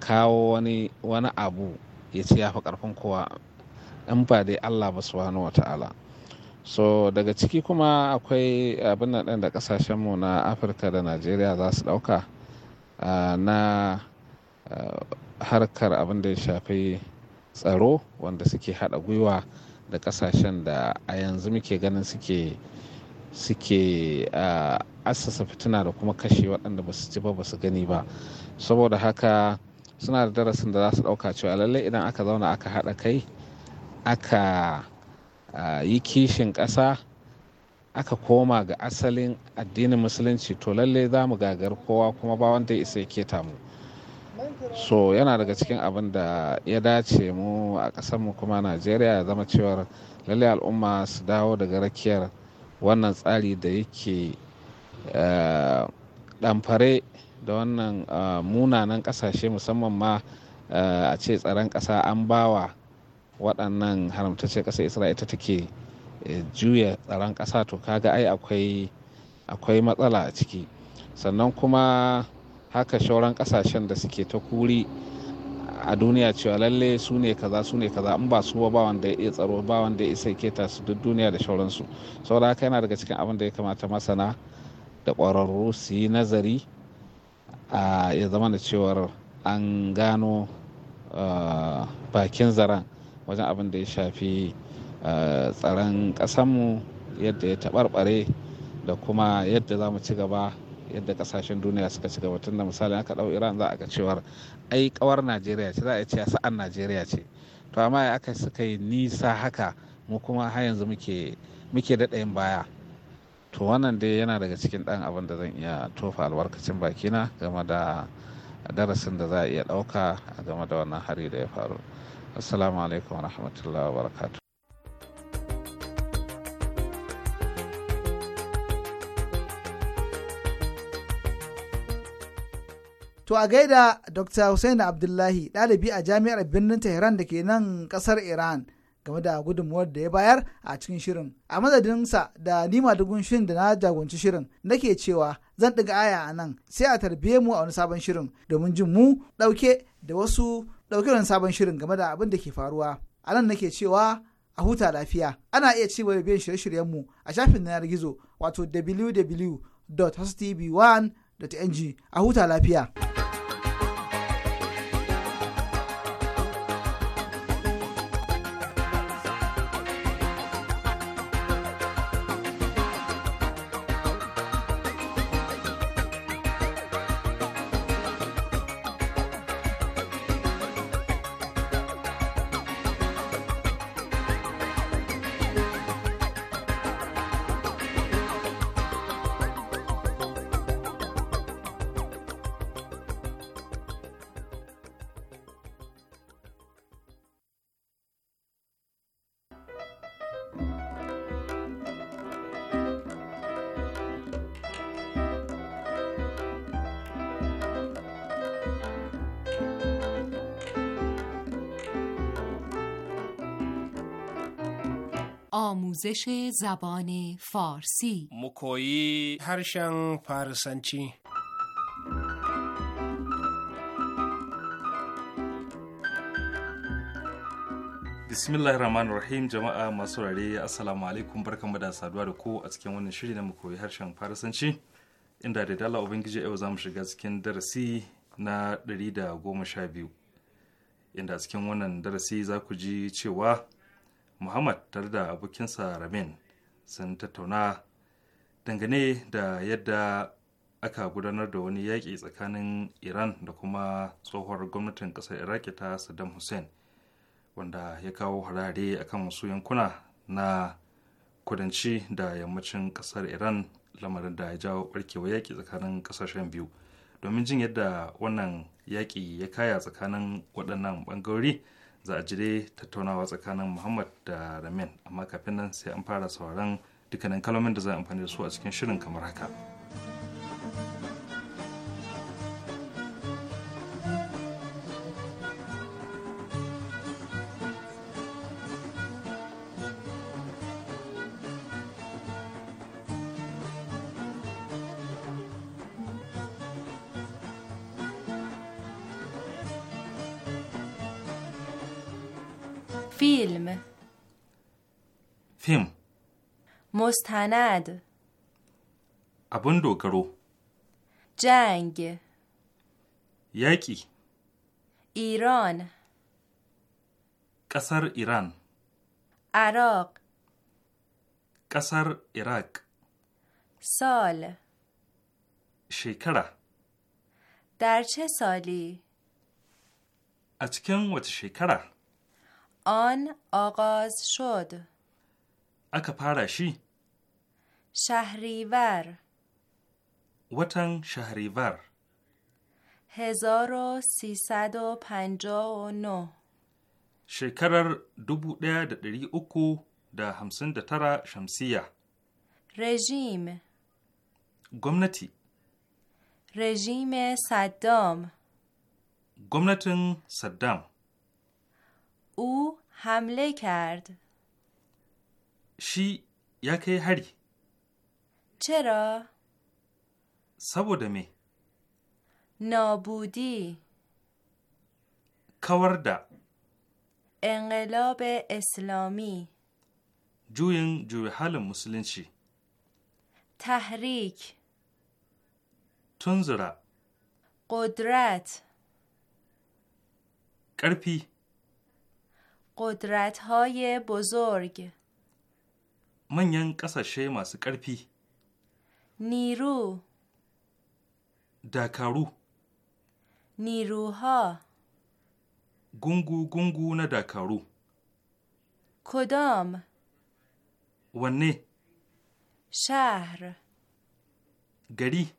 kawo wani abu ya ce ya fi ƙarfin kowa in ba dai allah ba subhanahu wa ta'ala so daga ciki kuma akwai abin nan da ƙasashenmu na afirka da najeriya za su ɗauka na harkar abin da ya shafi tsaro wanda suke haɗa gwiwa da ƙasashen da a yanzu muke ganin suke suke assasa fituna da kuma kashe waɗanda ba su ji ba ba su gani ba saboda haka suna da darasin da za su ɗauka cewa lallai idan aka zauna aka haɗa kai aka yi kishin ƙasa aka koma ga asalin addinin musulunci to lallai za mu gagar kowa kuma ba wanda isa ya keta mu so yana daga cikin abin da ya dace mu a ƙasarmu kuma najeriya ya zama cewar lallai al'umma su dawo daga rakiyar wannan tsari da yake eh, ɗamfare da wannan eh, munanan ƙasashe musamman ma eh, a ce tsaron ƙasa an bawa waɗannan haramtacce ƙasa isra'ila ita take Eh, juya tsaron ƙasa to kaga ai akwai akwai matsala a ciki sannan kuma haka shauran ƙasashen da suke ta kuri a duniya cewa lalle su ne kaza su ne kaza in ba su ba wanda ya iya tsaro ba wanda ya isa keta su duk duniya da shauransu saboda haka yana daga cikin abin da ya kamata masana da kwararru su yi nazari a ya zama da cewar an gano bakin zaren wajen abin da ya shafi tsaron ƙasanmu yadda ya taɓarɓare da kuma yadda za mu ci gaba yadda kasashen duniya suka ci gaba tun da misali aka ɗau iran za a ga cewar ai kawar najeriya ce za a ce sa'an najeriya ce to amma ya aka suka yi nisa haka mu kuma har yanzu muke muke baya to wannan dai yana daga cikin ɗan abin da zan iya tofa albarkacin bakina game da darasin da za a iya ɗauka game da wannan hari da ya faru assalamu alaikum wa wa barakatuh To a gaida Dr. Hussein Abdullahi ɗalibi a jami'ar birnin Tehran da ke nan ƙasar Iran game da gudunmuwar da ya bayar a cikin shirin. A madadinsa da nima dugun shirin da na jagoranci shirin nake cewa zan ɗiga aya a nan sai a tarbiye mu a wani sabon shirin domin jin mu ɗauke da wasu ɗauke wani sabon shirin game da abin da ke faruwa. A nan nake cewa a huta lafiya. Ana iya ci da biyan shirye mu a shafin yanar gizo wato www.hostv1.ng a huta lafiya. آموزش زبان فارسی مکویی هرشن فارسنچی bismillah rahman rahim jama'a masu rare assalamu alaikum barkanmu da saduwa da ku a cikin wannan shiri na koyi harshen farisanci inda da dala ubangiji yau za mu shiga cikin darasi na ɗari da goma sha biyu inda cikin wannan darasi za ku ji cewa muhammad tare da abokinsa ramin sun tattauna dangane da yadda aka gudanar da wani yaƙi tsakanin iran da kuma tsohuwar gwamnatin ƙasar iraki ta saddam hussein wanda ya kawo harare a kan wasu yankuna na kudanci da yammacin ƙasar iran lamarin da ya jawo ɓarkewar yaƙi tsakanin ƙasashen biyu domin jin yadda wannan yaƙi ya kaya tsakanin waɗannan ɓangarori za a jire tattaunawa tsakanin muhammad da ramin amma kafin nan sai an fara sauran dukkanin kalomin da za a amfani da su a cikin shirin kamar haka. مستند ابن دوگرو جنگ یکی ایران قصر ایران عراق قصر عراق سال شکره در چه سالی؟ اچکن و شکره آن آغاز شد اکا پارشی شهریور وطن شهریور هزار و سیصد و پنجا و نو شکرر دو ده دری اکو ده همسن ده ترا شمسیه رژیم گمنتی رژیم صدام گمنتن صدام او حمله کرد شی یا که هری چرا؟ سبوده می نابودی کورده انقلاب اسلامی جوین جوی حال چی تحریک تنزره قدرت کرپی قدرت های بزرگ منین قصه ماسو کرپی نیرو دکارو نیروها گونگو گونگو نه دکارو کدام ونه شهر گری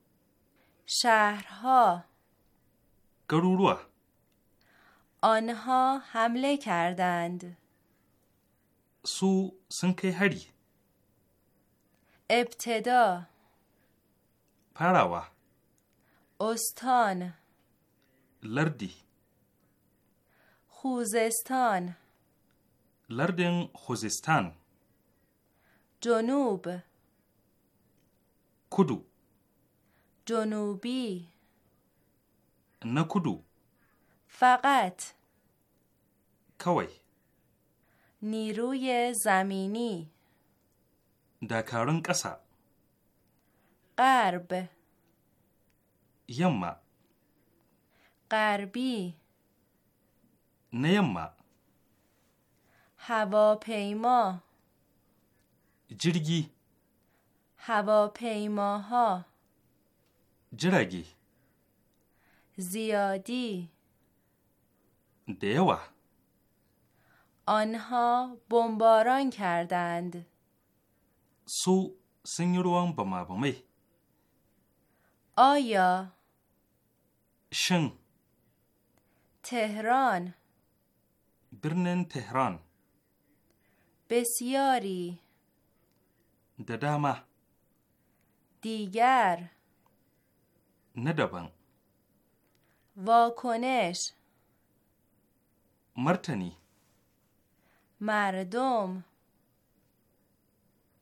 شهرها گرورو آنها حمله کردند سو سنکه هری ابتدا پراوه استان لردی خوزستان لردن خوزستان جنوب کدو جنوبی نکدو فقط کوی نیروی زمینی دکارن کسا غرب یما غربی نیما هواپیما جرگی هواپیماها جرگی زیادی دیوه آنها بمباران کردند سو سنگروان بما بمی آیا شن تهران برنن تهران بسیاری ددامه دیگر ندبن واکنش مرتنی مردم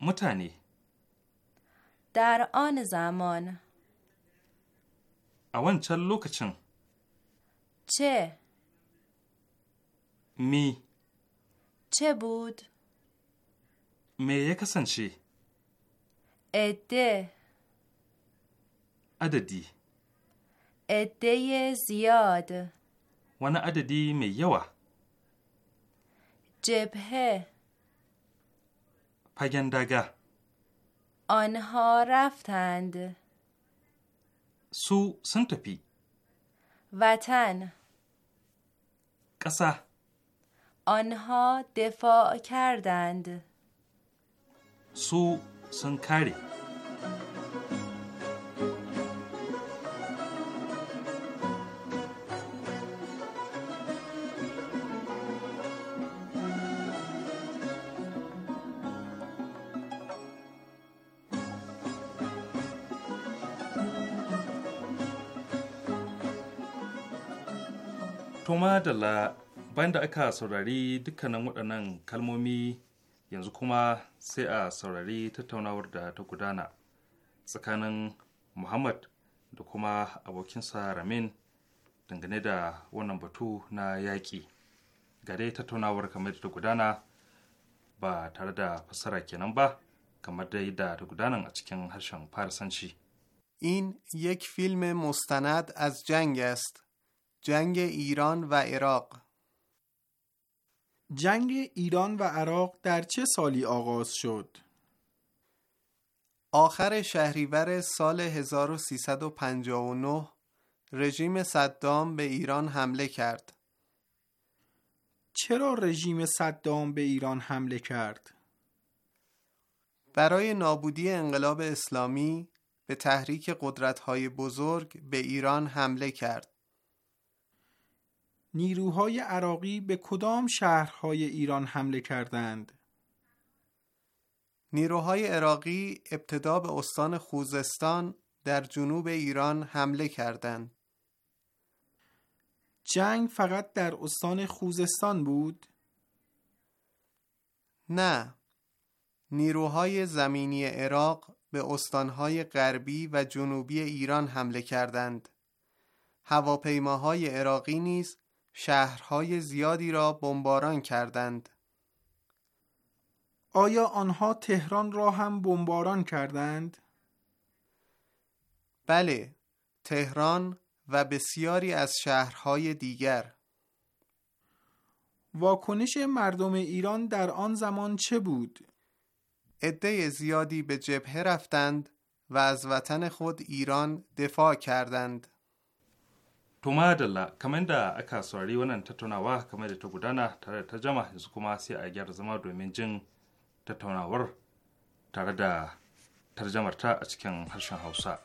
متنی در آن زمان a wancan lokacin Ce. mi Ce bud me ya kasance Adadi. عددی ya زیاد wani adadi mai yawa Jebhe. fagen daga آنها رفتند سو سن وطن قصه آنها دفاع کردند سو سن To madalla bayan da aka saurari dukkanin waɗannan kalmomi yanzu kuma sai a saurari tattaunawar da ta gudana tsakanin Muhammad da kuma abokinsa Ramin dangane da wannan batu na yaƙi. Gare tattaunawar kamar da ta gudana ba tare da fassara kenan ba kamar dai da ta gudanan a cikin harshen Farisanci. In yake filme mustanad as jangest جنگ ایران و عراق جنگ ایران و عراق در چه سالی آغاز شد؟ آخر شهریور سال 1359 رژیم صدام به ایران حمله کرد. چرا رژیم صدام به ایران حمله کرد؟ برای نابودی انقلاب اسلامی به تحریک قدرت‌های بزرگ به ایران حمله کرد. نیروهای عراقی به کدام شهرهای ایران حمله کردند؟ نیروهای عراقی ابتدا به استان خوزستان در جنوب ایران حمله کردند. جنگ فقط در استان خوزستان بود؟ نه. نیروهای زمینی عراق به استانهای غربی و جنوبی ایران حمله کردند. هواپیماهای عراقی نیز شهرهای زیادی را بمباران کردند آیا آنها تهران را هم بمباران کردند؟ بله، تهران و بسیاری از شهرهای دیگر. واکنش مردم ایران در آن زمان چه بود؟ عده زیادی به جبهه رفتند و از وطن خود ایران دفاع کردند. To madalla kamar da aka saurari wannan tattaunawa kamar da ta gudana tare da ta jama yanzu kuma sai a gyara zama domin jin tattaunawar tare da tarjamarta a cikin harshen Hausa.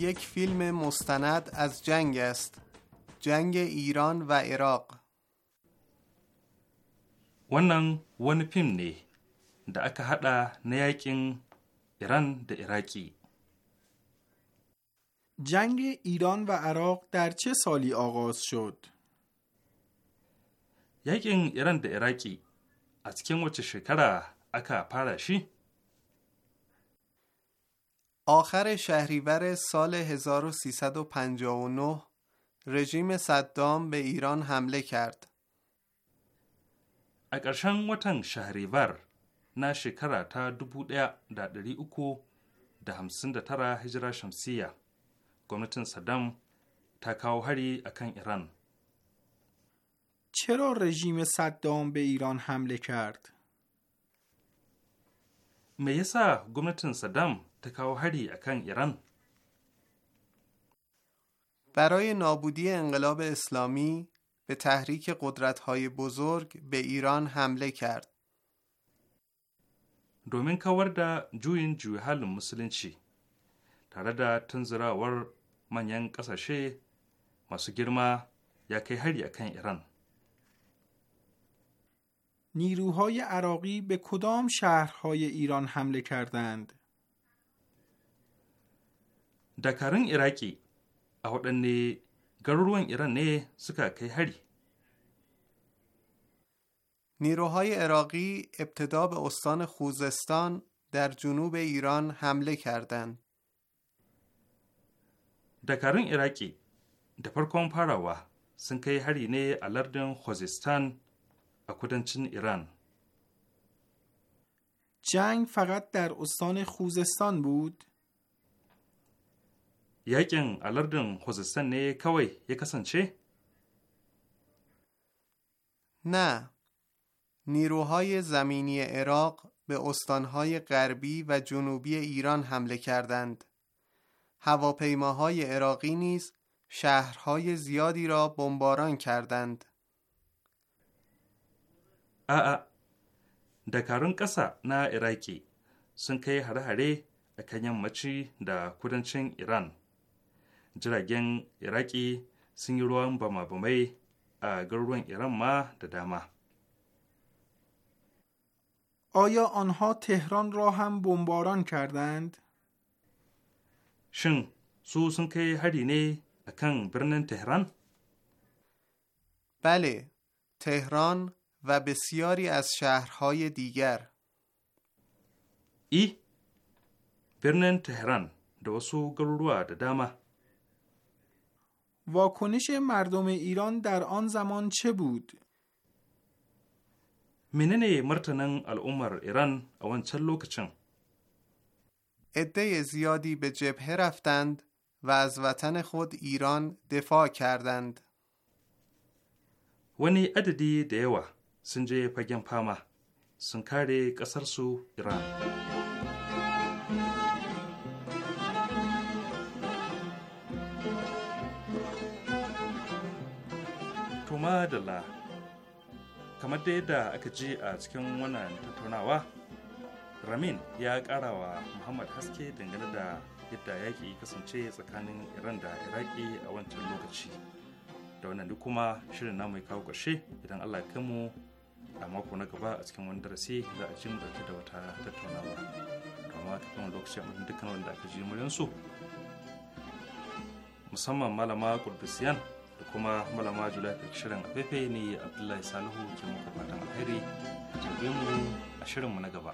یک فیلم مستند از جنگ است جنگ ایران و عراق wannan wani fim ne da aka hada na yakin Iran da Iraki. جنگ ایران و عراق در چه سالی آغاز شد؟ یکن ایران ده عراقی از کن وچه شکره اکا پارشی؟ آخر شهریور سال 1359 رژیم صدام به ایران حمله کرد. اگر شان وطن شهریور نا تا دوبو دیا دا دری اکو دا همسند هجرا شمسیه گمنتن صدام تا اکن ایران. چرا رژیم صدام به ایران حمله کرد؟ میسا گمنتن صدام ta kawo ایران برای نابودی انقلاب اسلامی به تحریک قدرت‌های بزرگ به ایران حمله کرد. دومین کاوردا جوین جو حل مسلمانچی. دا تنزرا ور منین قساشه ماسو گیرما یا کی هر یا ایران. نیروهای عراقی به کدام شهرهای ایران حمله کردند؟ dakarun iraki a waɗanne garuruwan iran ne suka kai hari نیروهای عراقی ابتدا به استان خوزستان در جنوب ایران حمله کردند. دکارن عراقی دپر farkon پاراوا sun نه hari خوزستان اکودنچن ایران. جنگ فقط در استان خوزستان بود؟ yakin a lardin خوزستان ne kawai ya نه نیروهای زمینی عراق به استانهای غربی و جنوبی ایران حمله کردند هواپیماهای عراقی نیز شهرهای زیادی را بمباران کردند آه دکارن دکارون نه ایراکی. sun kai هره هره a kan دا jiragen iraki sun yi ruwan bama-bamai a garuruwan iran ma da dama آیا آنها تهران را هم بمباران کردند؟ شن سو سن که هری نی اکن برنن تهران؟ بله تهران و بسیاری از شهرهای دیگر ای برنن تهران دو سو گروروا ددامه واکنش مردم ایران در آن زمان چه بود؟ مننه مرتنن عمر ایران اوان چه لوکچن؟ زیادی به جبهه رفتند و از وطن خود ایران دفاع کردند. ونی عددی دیوه سنجه پگم پاما سنکاری کسرسو ایران. Kuma da la kamar da yadda aka ji a cikin wannan tattaunawa ramin ya kara wa muhammad haske dangane da yadda yaƙi kasance tsakanin iran da iraki a wancan lokaci da wannan duk kuma shirin namu ya kawo ƙarshe idan allah ya mu a mako na gaba a cikin wani darasi za a ji mu ɗauke da wata tattaunawa Kuma ta kan lokaci a mutum dukkan wanda aka ji muryansu musamman malama kurdisiyan da kuma malama julai da shirin afefe ne abdullahi salihu ke muku fatan alheri mu a shirinmu na gaba.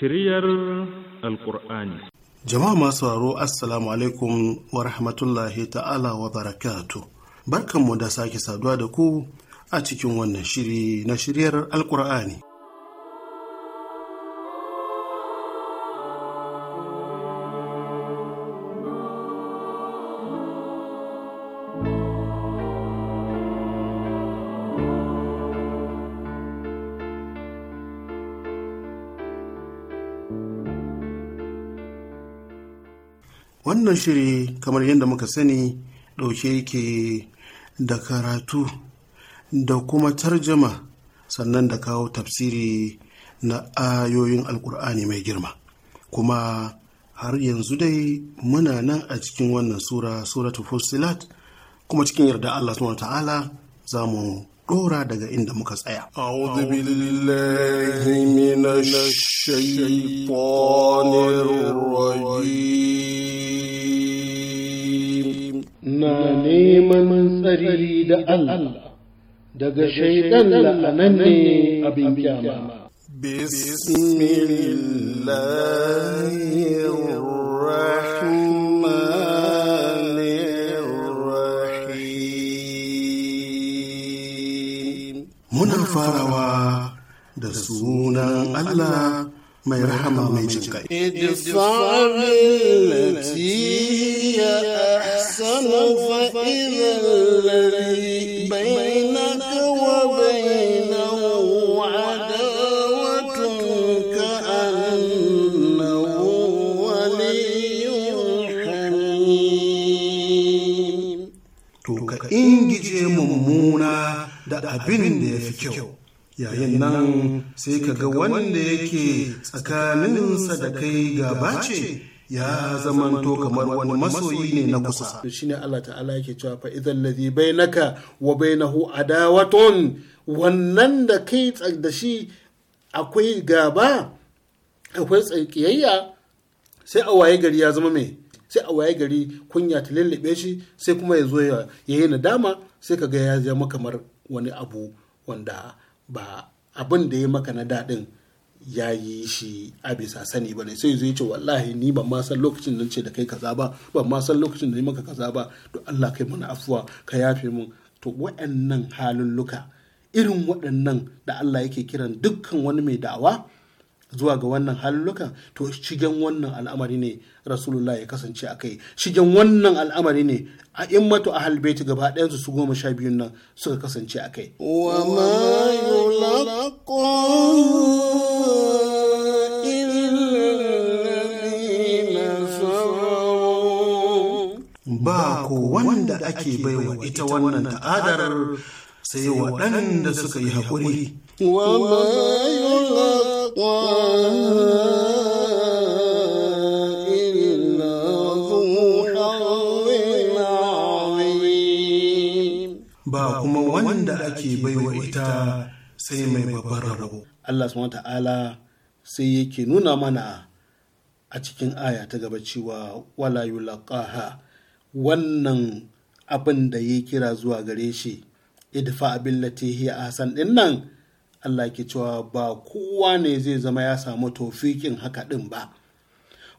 shiryar alkur'ani jama'a masu sauraro assalamu alaikum wa rahmatullahi ta'ala wa barakatu barkanmu da sake saduwa da ku a cikin wannan shiri na shiryar alkur'ani wannan shiri kamar yadda muka sani ɗauke yake da karatu da kuma tarjama sannan da kawo tafsiri na ayoyin alkur'ani mai girma kuma har yanzu dai muna nan a cikin wannan sura suratul fusilat kuma cikin yarda Allah subhanahu ta'ala za mu dora daga inda muka tsaya a'udhu billahi minash rajim muna neman tsari da Allah daga shaidan la'anan ne abin kyama. Muna farawa da sunan Allah mai rahama mai jinkai. سموفين الذي بينك وبينه عداوة كأنه da abin da ya fi kyau yayin nan sai ka ga wanda yake tsakaninsa da kai gaba ce ya zamanto kamar wani masoyi ne na kusa shine Allah ta'ala yake cewa fa idan ladhi bainaka wa bainahu adawatun wannan da kai da shi akwai gaba akwai tsakiyayya sai a waye gari ya zama mai sai a waye gari kunya ta lallabe shi sai kuma ya zo ya yi nadama sai ka ga ya zama kamar wani abu wanda ba abin da ya maka na daɗin ya yi shi a bisa sani ba ne sai zai ce wallahi ni ban ma san lokacin da ce da kai kaza ba ban ma san lokacin da ni maka kaza ba to Allah kai mana afuwa ka yafe mun to waɗannan halulluka irin waɗannan da Allah yake kiran dukkan wani mai da'awa zuwa ga wannan hallukan to shigen wannan al'amari ne rasulullah ya kasance a kai shigen wannan al'amari ne a mato ahal baiti gaba ɗayansu su goma sha biyun nan suka kasance a kai ba ko wanda ake baiwa ita wannan ta'adar sai waɗanda suka yi haƙuri. Wa الطائر ذو حظ عظيم ba kuma wanda ake baiwa ita sai mai babbar rabo Allah subhanahu ta'ala sai yake nuna mana a cikin aya ta gaba cewa wala yulaqaha wannan abin da ya kira zuwa gare shi idfa Abin hiya ahsan din nan Allah ke cewa ba kowa ne zai zama ya samu tofikin haka ɗin ba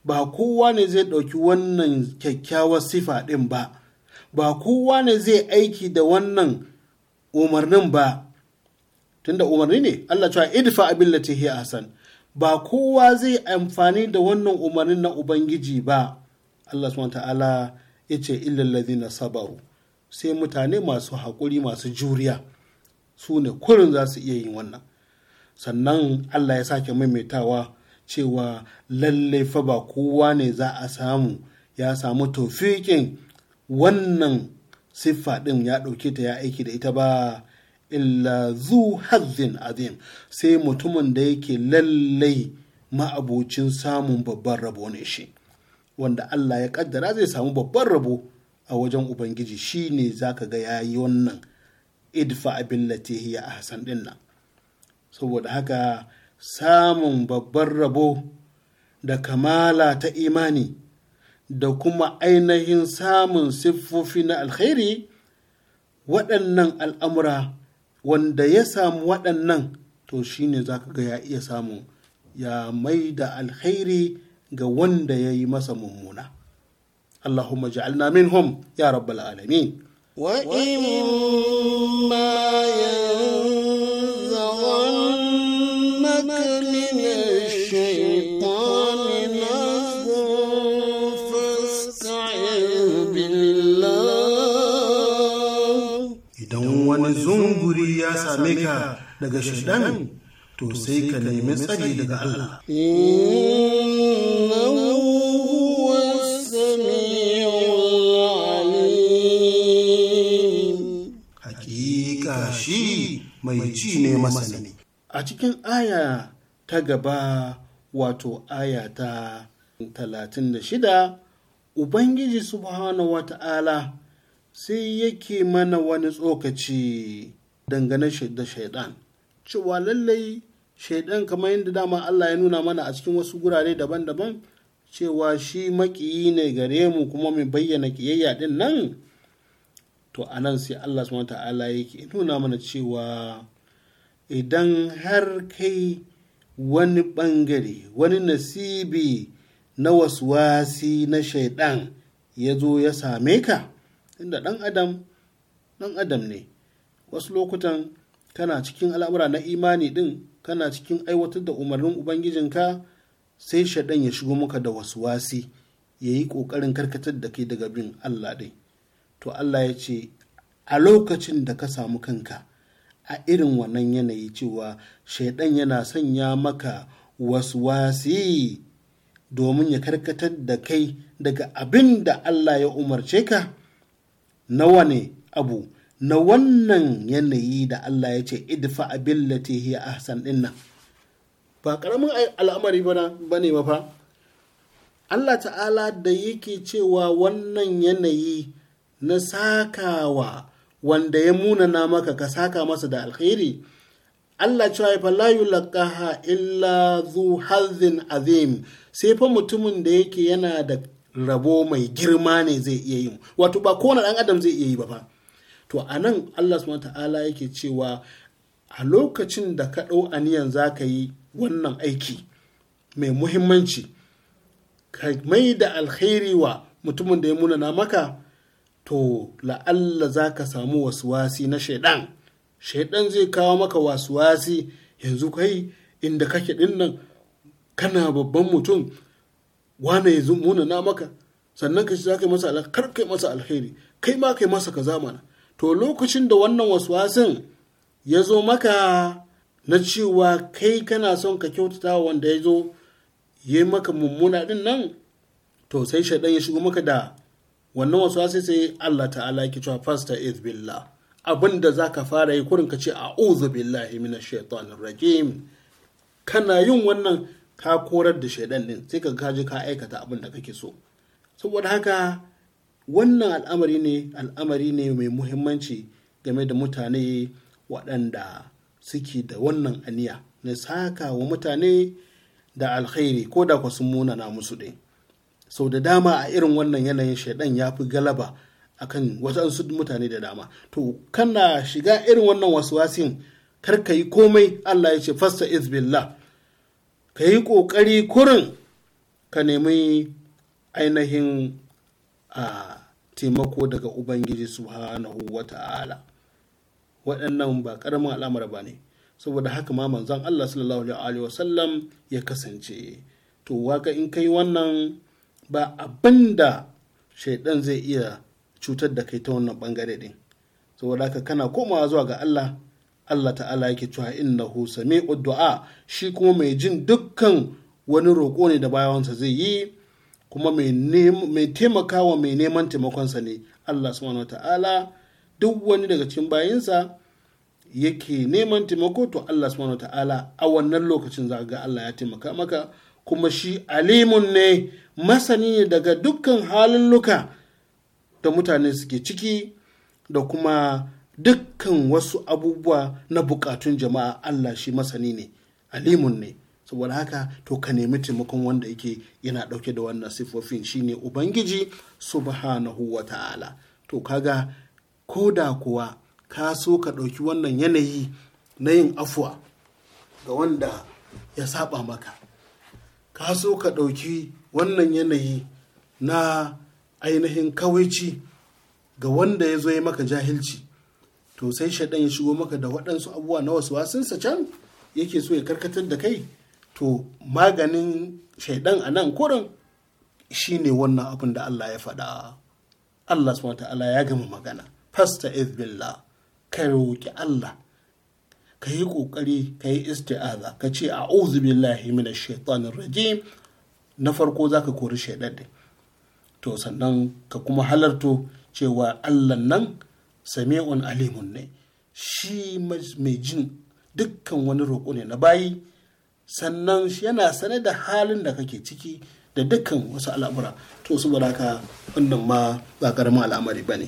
ba kowa ne zai ɗauki wannan kyakkyawar sifa ɗin ba ba kowa ne zai aiki da wannan umarnin ba tunda umarni ne Allah cewa idfa abillati hi hasan. ba kowa zai amfani da wannan umarnin na ubangiji ba Allah ta'ala yace illal na sabaru sai mutane masu haƙuri masu juriya su ne kurin za su iya yin wannan sannan allah ya sake maimaitawa cewa lallai fa ba kowa ne za a samu ya samu tofikin wannan siffa ɗin ya ɗauke ta ya aiki da ita ba illa zu hazin azim sai mutumin da yake lallai ma'abocin samun babban rabo ne shi wanda allah ya kaddara zai samu babban rabo a wajen ubangiji shi ne za ka ga ya yi wannan idfa latihiya a hasan din nan saboda haka samun babban rabo da kamala ta imani da kuma ainihin samun siffofi na alkhairi waɗannan al'amura wanda ya samu waɗannan to shine za ka ga ya iya samu ya mai da alkhairi ga wanda ya yi masa mummuna. Allahumma ja'alna minhum ya rabbal alamin. وإما ينزغنك من الشيطان نزغ فاستعذ بالله إذا ونزنغري يا ساميكا daga shaidan to mai ji ne masani a cikin aya ta gaba wato aya ta 36 ubangiji subhanahu Ta'ala sai yake mana wani tsokaci dangane da shaidan cewa lallai shaidan kamar yadda dama Allah ya nuna mana a cikin wasu gurare daban-daban cewa shi maƙiyi ne gare mu kuma mai bayyana ƙiyayya din nan to a nan sai allah subhanahu ta'ala yake nuna mana cewa idan har kai wani bangare wani nasibi na wasu wasi na shaidan ya zo ya same ka inda dan adam dan adam ne wasu lokutan kana cikin al'amura na imani din kana cikin aiwatar da umarnin ubangijinka sai shaidan ya shigo maka da waswasi ya yi ƙoƙarin karkatar da kai daga bin allah din to Allah ya ce a lokacin da ka samu kanka a irin wannan yanayi cewa shaidan yana sanya maka wasu waswasi domin ya karkatar da kai daga abin da Allah ya umarce ka nawa ne abu na wannan yanayi da Allah ya ce idfa abillati hiya ahsan dinnan ba karamin al'amari ba ne ba fa Allah ta'ala da yake cewa wannan yanayi na sakawa wanda ya munana maka ka saka masa da alkhairi Allah cewa fa la yulqaha illa zu hazin azim sai fa mutumin da yake yana da rabo mai girma ne zai iya yi wato ba kowane dan adam zai iya yi ba fa to anan Allah subhanahu ta'ala yake cewa a lokacin da ka ɗau aniyan za ka yi wannan aiki mai muhimmanci ka mai da alkhairi wa mutumin da ya munana maka to la'alla za ka samu wasuwasi na shaidan shaidan zai kawo maka wasuwasi yanzu kai inda kake din nan kana babban mutum wane yanzu muna na maka sannan ka za ka masa alheri kar kai masa alheri kai ma kai masa ka zamana to lokacin da wannan wasuwasin ya zo maka na cewa kai kana son ka kyautata wanda ya zo ya maka mummuna din nan to sai shaidan ya shigo maka da wannan wasu sai sai Allah ta'ala ki cewa fasta iz billah abin da za ka fara yi kurin ka ce a'udhu billahi mina shaitanin rajim kana yin wannan ka korar da shaidan din sai ka kaji ka aikata abin da kake so saboda haka wannan al'amari ne al'amari ne mai muhimmanci game da mutane waɗanda suke da wannan aniya na saka wa mutane da alkhairi ko da kwasu sun munana musu ɗin sau da dama a irin wannan yanayin shaidan ya fi galaba akan wasu mutane da dama to kana shiga irin wannan wasuwasin kar ka yi komai Allah ya ce fasta izbillah ka yi ƙoƙari kurin ka nemi ainihin a taimako daga ubangiji subhanahu wa ta'ala waɗannan ba ƙaramin al'amura ba ne saboda haka ma manzon Allah sallallahu alaihi wasallam ya kasance to waka in kai wannan ba abin da shaidan zai iya cutar da kai ta wannan bangare din saboda haka kana komawa zuwa ga Allah Allah ta'ala yake cewa innahu sami'u du'a shi kuma mai jin dukkan wani roƙo ne da bayawansa zai yi kuma mai taimakawa mai neman taimakonsa ne Allah subhanahu ta'ala duk wani daga cikin bayinsa yake neman taimako to Allah subhanahu ta'ala a wannan lokacin za ga Allah ya taimaka maka kuma shi alimun ne masani ne daga dukkan luka da mutane suke ciki da kuma dukkan wasu abubuwa na bukatun jama'a Allah shi masani ne alimun ne saboda haka to ka nemi taimakon wanda yake yana dauke da wannan sifofin shine ubangiji subhanahu wa ta'ala to kaga ko da kuwa ka so ka dauki wannan yanayi na yin afuwa ga wanda ya saba maka ka so ka dauki. wannan yanayi na ainihin kawaici ga wanda ya zo ya maka jahilci to sai shaɗan ya shigo maka da waɗansu abubuwa na wasu wasunsa can yake so ya karkatar da kai to maganin shaidan a nan kurin shi ne wannan abin da Allah ya faɗa Allah subhanahu ta'ala ya gama magana fasta billah ka roƙi Allah ka yi ƙoƙari ka yi isti'aza ka ce a'udhu billahi minash shaitanir rajim na farko za ka kori shaidan ɗin to sannan ka kuma halarto cewa allah nan sami'un alimun ne shi mai jin dukkan wani roƙo ne na bayi sannan yana sane da halin da kake ciki da dukkan wasu al'amura to su baraka wannan ma ba karamin al'amari ba ne.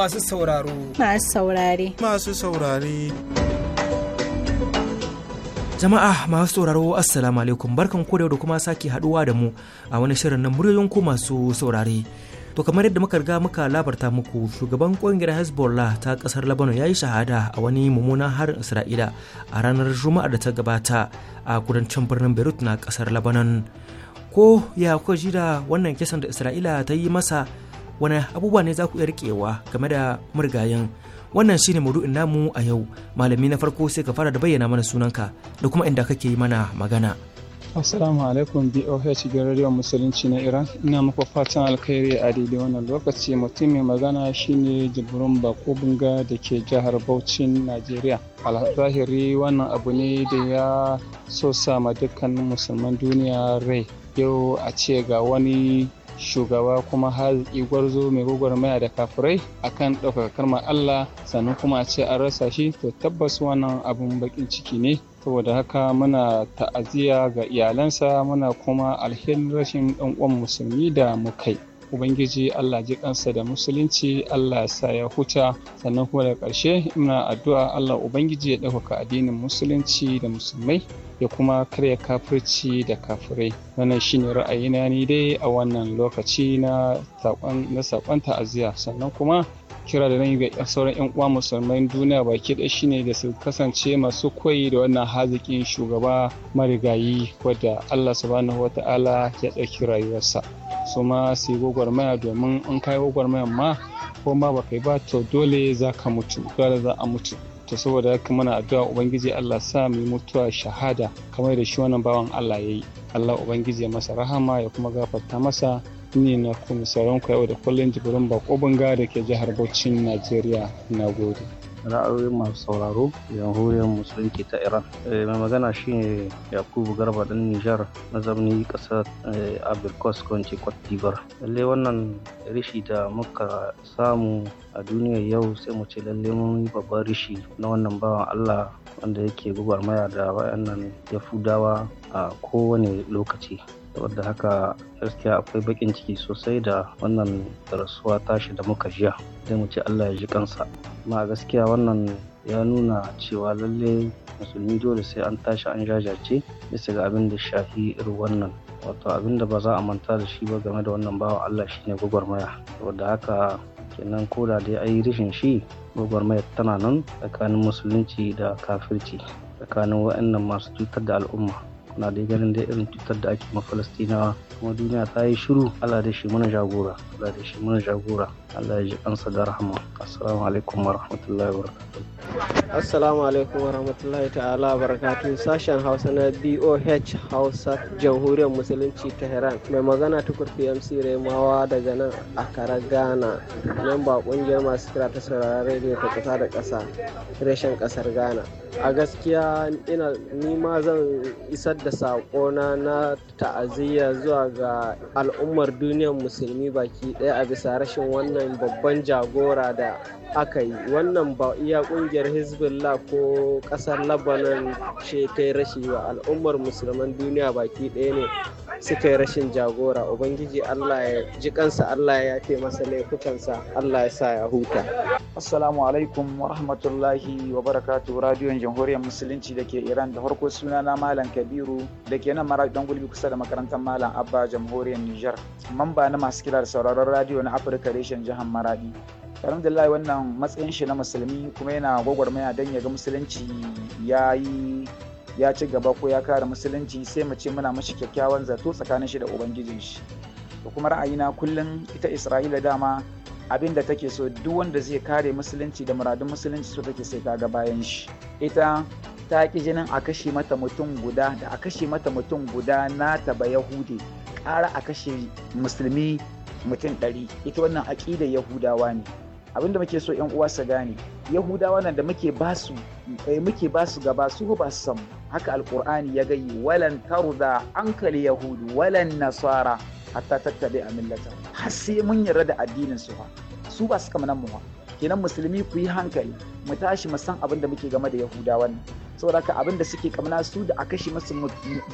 masu sauraro. Masu saurare. Masu saurare. Jama'a masu sauraro Assalamu alaikum barkan ku da yau da kuma sake haduwa da mu a wani shirin na muryoyin ku masu saurare. To kamar yadda muka riga muka labarta muku shugaban kungiyar Hezbollah ta kasar Lebanon ya yi shahada a wani mummunan harin Isra'ila a ranar Juma'ar da ta gabata a kudancin birnin Beirut na kasar Lebanon. Ko ya kuka da wannan kisan da Isra'ila ta yi masa wani abubuwa ne za ku iya wa game da murgayen wannan shine maudu'in namu a yau malami na farko sai ka fara da bayyana mana sunanka da kuma inda kake yi mana magana Assalamu alaikum BOH ga Radio Musulunci na Iran. Ina muku fatan alkhairi a daidai wannan lokaci mutum mai magana shine Jibrin Bako Bunga da ke jihar Bauchi, Najeriya. Alzahiri wannan abu ne da ya so sama dukkanin musulman duniya rai. Yau a ce ga wani shugaba kuma haziki gwarzo mai gwagwarmaya da kafurai akan ɗaukakar Allah sannan kuma a ce an rasa shi to tabbas wannan abin bakin ciki ne saboda haka muna ta'aziyya ga iyalansa muna kuma alhin rashin ɗan uwan musulmi da mu kai ubangiji allah ji kansa da musulunci allah sa ya huta sannan kuma da ƙarshe muna addu'a allah ubangiji ya ɗaukaka addinin musulunci da musulmai ya kuma karya kafirci da kafirai wannan shine ra'ayina ni dai a wannan lokaci na saƙon ta'aziyya sannan kuma kira da nan ga sauran 'yan uwa musulmai duniya baki ɗaya shine da su kasance masu koyi da wannan haziƙin shugaba marigayi wadda Allah subhanahu wata'ala ya ɗauki rayuwarsa su ma su yi gwagwarmaya domin in kai gwagwarmayan ma ko ma ba kai ba to dole za ka mutu dole za a mutu to saboda haka muna addu'a ubangiji Allah sa mu mutuwa shahada kamar da shi wannan bawan Allah yayi Allah ubangiji ya masa rahama ya kuma gafarta masa ni na kuma sauran ku yau da kullum jibirin bako banga da ke jihar Bauchi Najeriya na gode ra'ayoyin masu sauraro jamhuriyar musulunci ta iran eh, mai magana shine yakubu garba dan nijar na mazamni kasar abirkos kwanci Kwadibar. lalle wannan rishi da muka samu a duniya yau sai mu ce lalle mun babban rishi na wannan bawan allah wanda yake maya da wayannan yafudawa a kowane lokaci saboda haka gaskiya akwai bakin ciki sosai da wannan rasuwa tashi da muka jiya sai mu ce allah ya ji kansa amma gaskiya wannan ya nuna cewa lalle musulmi dole sai an tashi an jajace bisa ga abin da shafi irin wannan wato abin da ba za a manta da shi ba game da wannan bawa allah shine gwagwarmaya saboda haka kenan koda dai ayi rishin shi gwagwarmaya tana nan tsakanin musulunci da kafirci tsakanin waɗannan masu cutar da al'umma na dai ganin dai irin cutar da ake ma falastinawa kuma duniya ta yi shiru ala da shi mana jagora da shi mana jagora Allah ya ji ansa da rahama assalamu alaikum wa rahmatullahi wa assalamu alaikum wa rahmatullahi ta'ala barakatu sashen hausa na boh hausa jamhuriyar musulunci tehran mai magana tukur pmc remawa daga nan a akara ghana nan ba kungiyar masu kira ta sauraron rediyo ta kasa da kasa reshen kasar ghana a gaskiya ina ni ma zan isar da saƙona na ta'aziyya zuwa ga al'ummar duniyar musulmi baki ɗaya a bisa rashin wannan wannan babban jagora da aka yi wannan ba iya kungiyar hezbollah ko kasar labanan ce ta rashi al'ummar musulman duniya baki ɗaya ne suka yi rashin jagora ubangiji allah ya ji kansa allah ya yafe masa laifukansa allah ya sa ya huta assalamu alaikum wa rahmatullahi wa barakatuh radiyon jamhuriyar musulunci da ke iran da farko na malam kabiru da ke nan mara don gulbi kusa da makarantar malam abba jamhuriyar nijar mamba na masu kira da sauraron radiyo na afirka reshen jihar maradi alhamdulillah wannan matsayin shi na musulmi kuma yana gwagwarmaya don ya ga musulunci ya yi ya ci gaba ko ya kare musulunci sai mu ce muna mashi kyakkyawan zato tsakanin shi da ubangijin shi da kuma ra'ayina kullum ita isra'ila dama abin da take so duk wanda zai kare musulunci da muradun musulunci so take sai kaga bayan shi ita ta ki jinin a kashe mata mutum guda da a kashe mata mutum guda na taba yahudi kara a kashe musulmi mutum ɗari ita wannan aƙidar yahudawa ne abinda muke so yan uwa su gane yahudawa nan da muke ba su eh, muke su gaba su ba su samu haka alkur'ani ya gayi walan tarda hankali yahudu walan nasara hatta tattabi a millata har sai mun yarda da addinin su fa su ba su kama nan mu fa. kenan musulmi ku yi hankali mu tashi mu san abin da muke game da Yahudawa nan saboda haka abin da suke kamna su da a kashe musu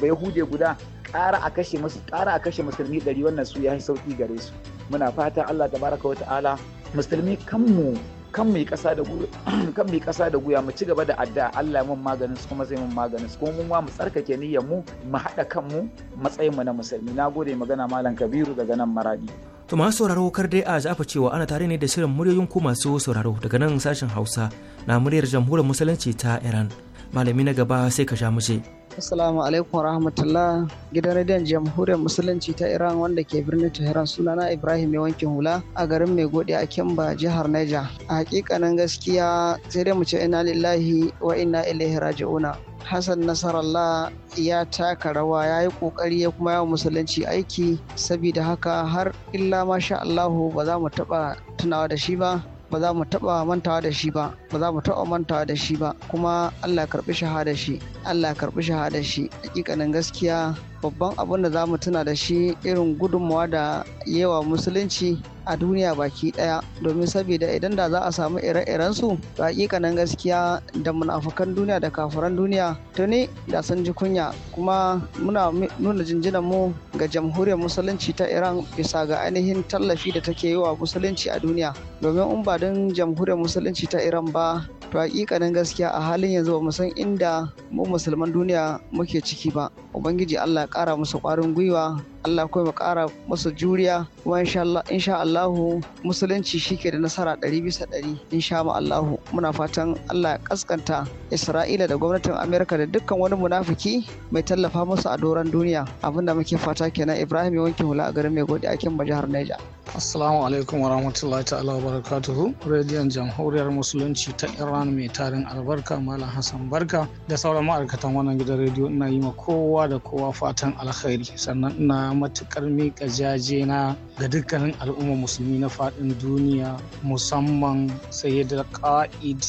ba Yahude guda ƙara a kashe musu ƙara a kashe musulmi ɗari wannan su ya sauki gare su muna fata Allah ta tabaraka wata'ala musulmi kanmu kan mu yi da guya mu ci gaba da addu'a Allah mun maganin su kuma zai mun maganin su kuma mun wa mu tsarkake niyyar mu mu haɗa kanmu matsayin mu na musulmi nagode magana malam Kabiru daga nan Maradi To masu sauraro kar dai a zafa cewa ana tare ne da shirin muryoyin ku masu sauraro daga nan sashen Hausa na muryar jamhuriyar musulunci ta Iran. malami na gaba sai ka sha mace. Assalamu alaikum rahmatullah gidan rediyon jamhuriyar musulunci ta Iran wanda ke birnin Tehran sunana Ibrahim mai wankin hula a garin mai godi a Kimba jihar Niger. A hakikanin gaskiya sai dai mu ce ina lillahi wa inna ilaihi raji'una. Hassan Nasarallah ya taka rawa ya yi kokari ya kuma yawan musulunci aiki saboda haka har illa masha Allahu ba za mu taba tunawa da shi ba ba za mu taba mantawa da shi ba ba za mu taɓa mantawa da shi ba kuma Allah karbi shahada shi Allah ya karbi shahada shi hakikanin gaskiya babban abin da za mu tuna da shi irin gudunmawa da yawa musulunci a duniya baki daya domin saboda idan da za a samu ire-iren su hakika nan gaskiya da munafukan duniya da kafuran duniya tuni da sun ji kunya kuma muna nuna jinjinan mu ga jamhuriyar musulunci ta iran bisa ga ainihin tallafi da take yi wa musulunci a duniya domin in ba don jamhuriyar musulunci ta iran ba to nan gaskiya a halin yanzu ba mu san inda mu musulman duniya muke ciki ba ubangiji allah ƙara musu ƙwarin gwiwa Allah kuma mu kara masa juriya kuma insha Allahu musulunci shike da nasara ɗari bisa ɗari insha Allah muna fatan Allah ya kaskanta Isra'ila da gwamnatin Amerika da dukkan wani munafiki mai tallafa musu a doron duniya abinda muke fata kenan Ibrahim ya wanke hula a garin mai a akin jihar Niger. Assalamu alaikum wa rahmatullahi ta'ala wa barakatuhu. Radiyon Jamhuriyar Musulunci ta Iran mai tarin albarka Malam Hassan Barka da sauran ma'aikatan wannan gidan rediyo ina yi ma kowa da kowa fatan alkhairi sannan ina matukar miƙa jajena ga dukkanin al'umma musulmi na faɗin duniya musamman sayyid ka'id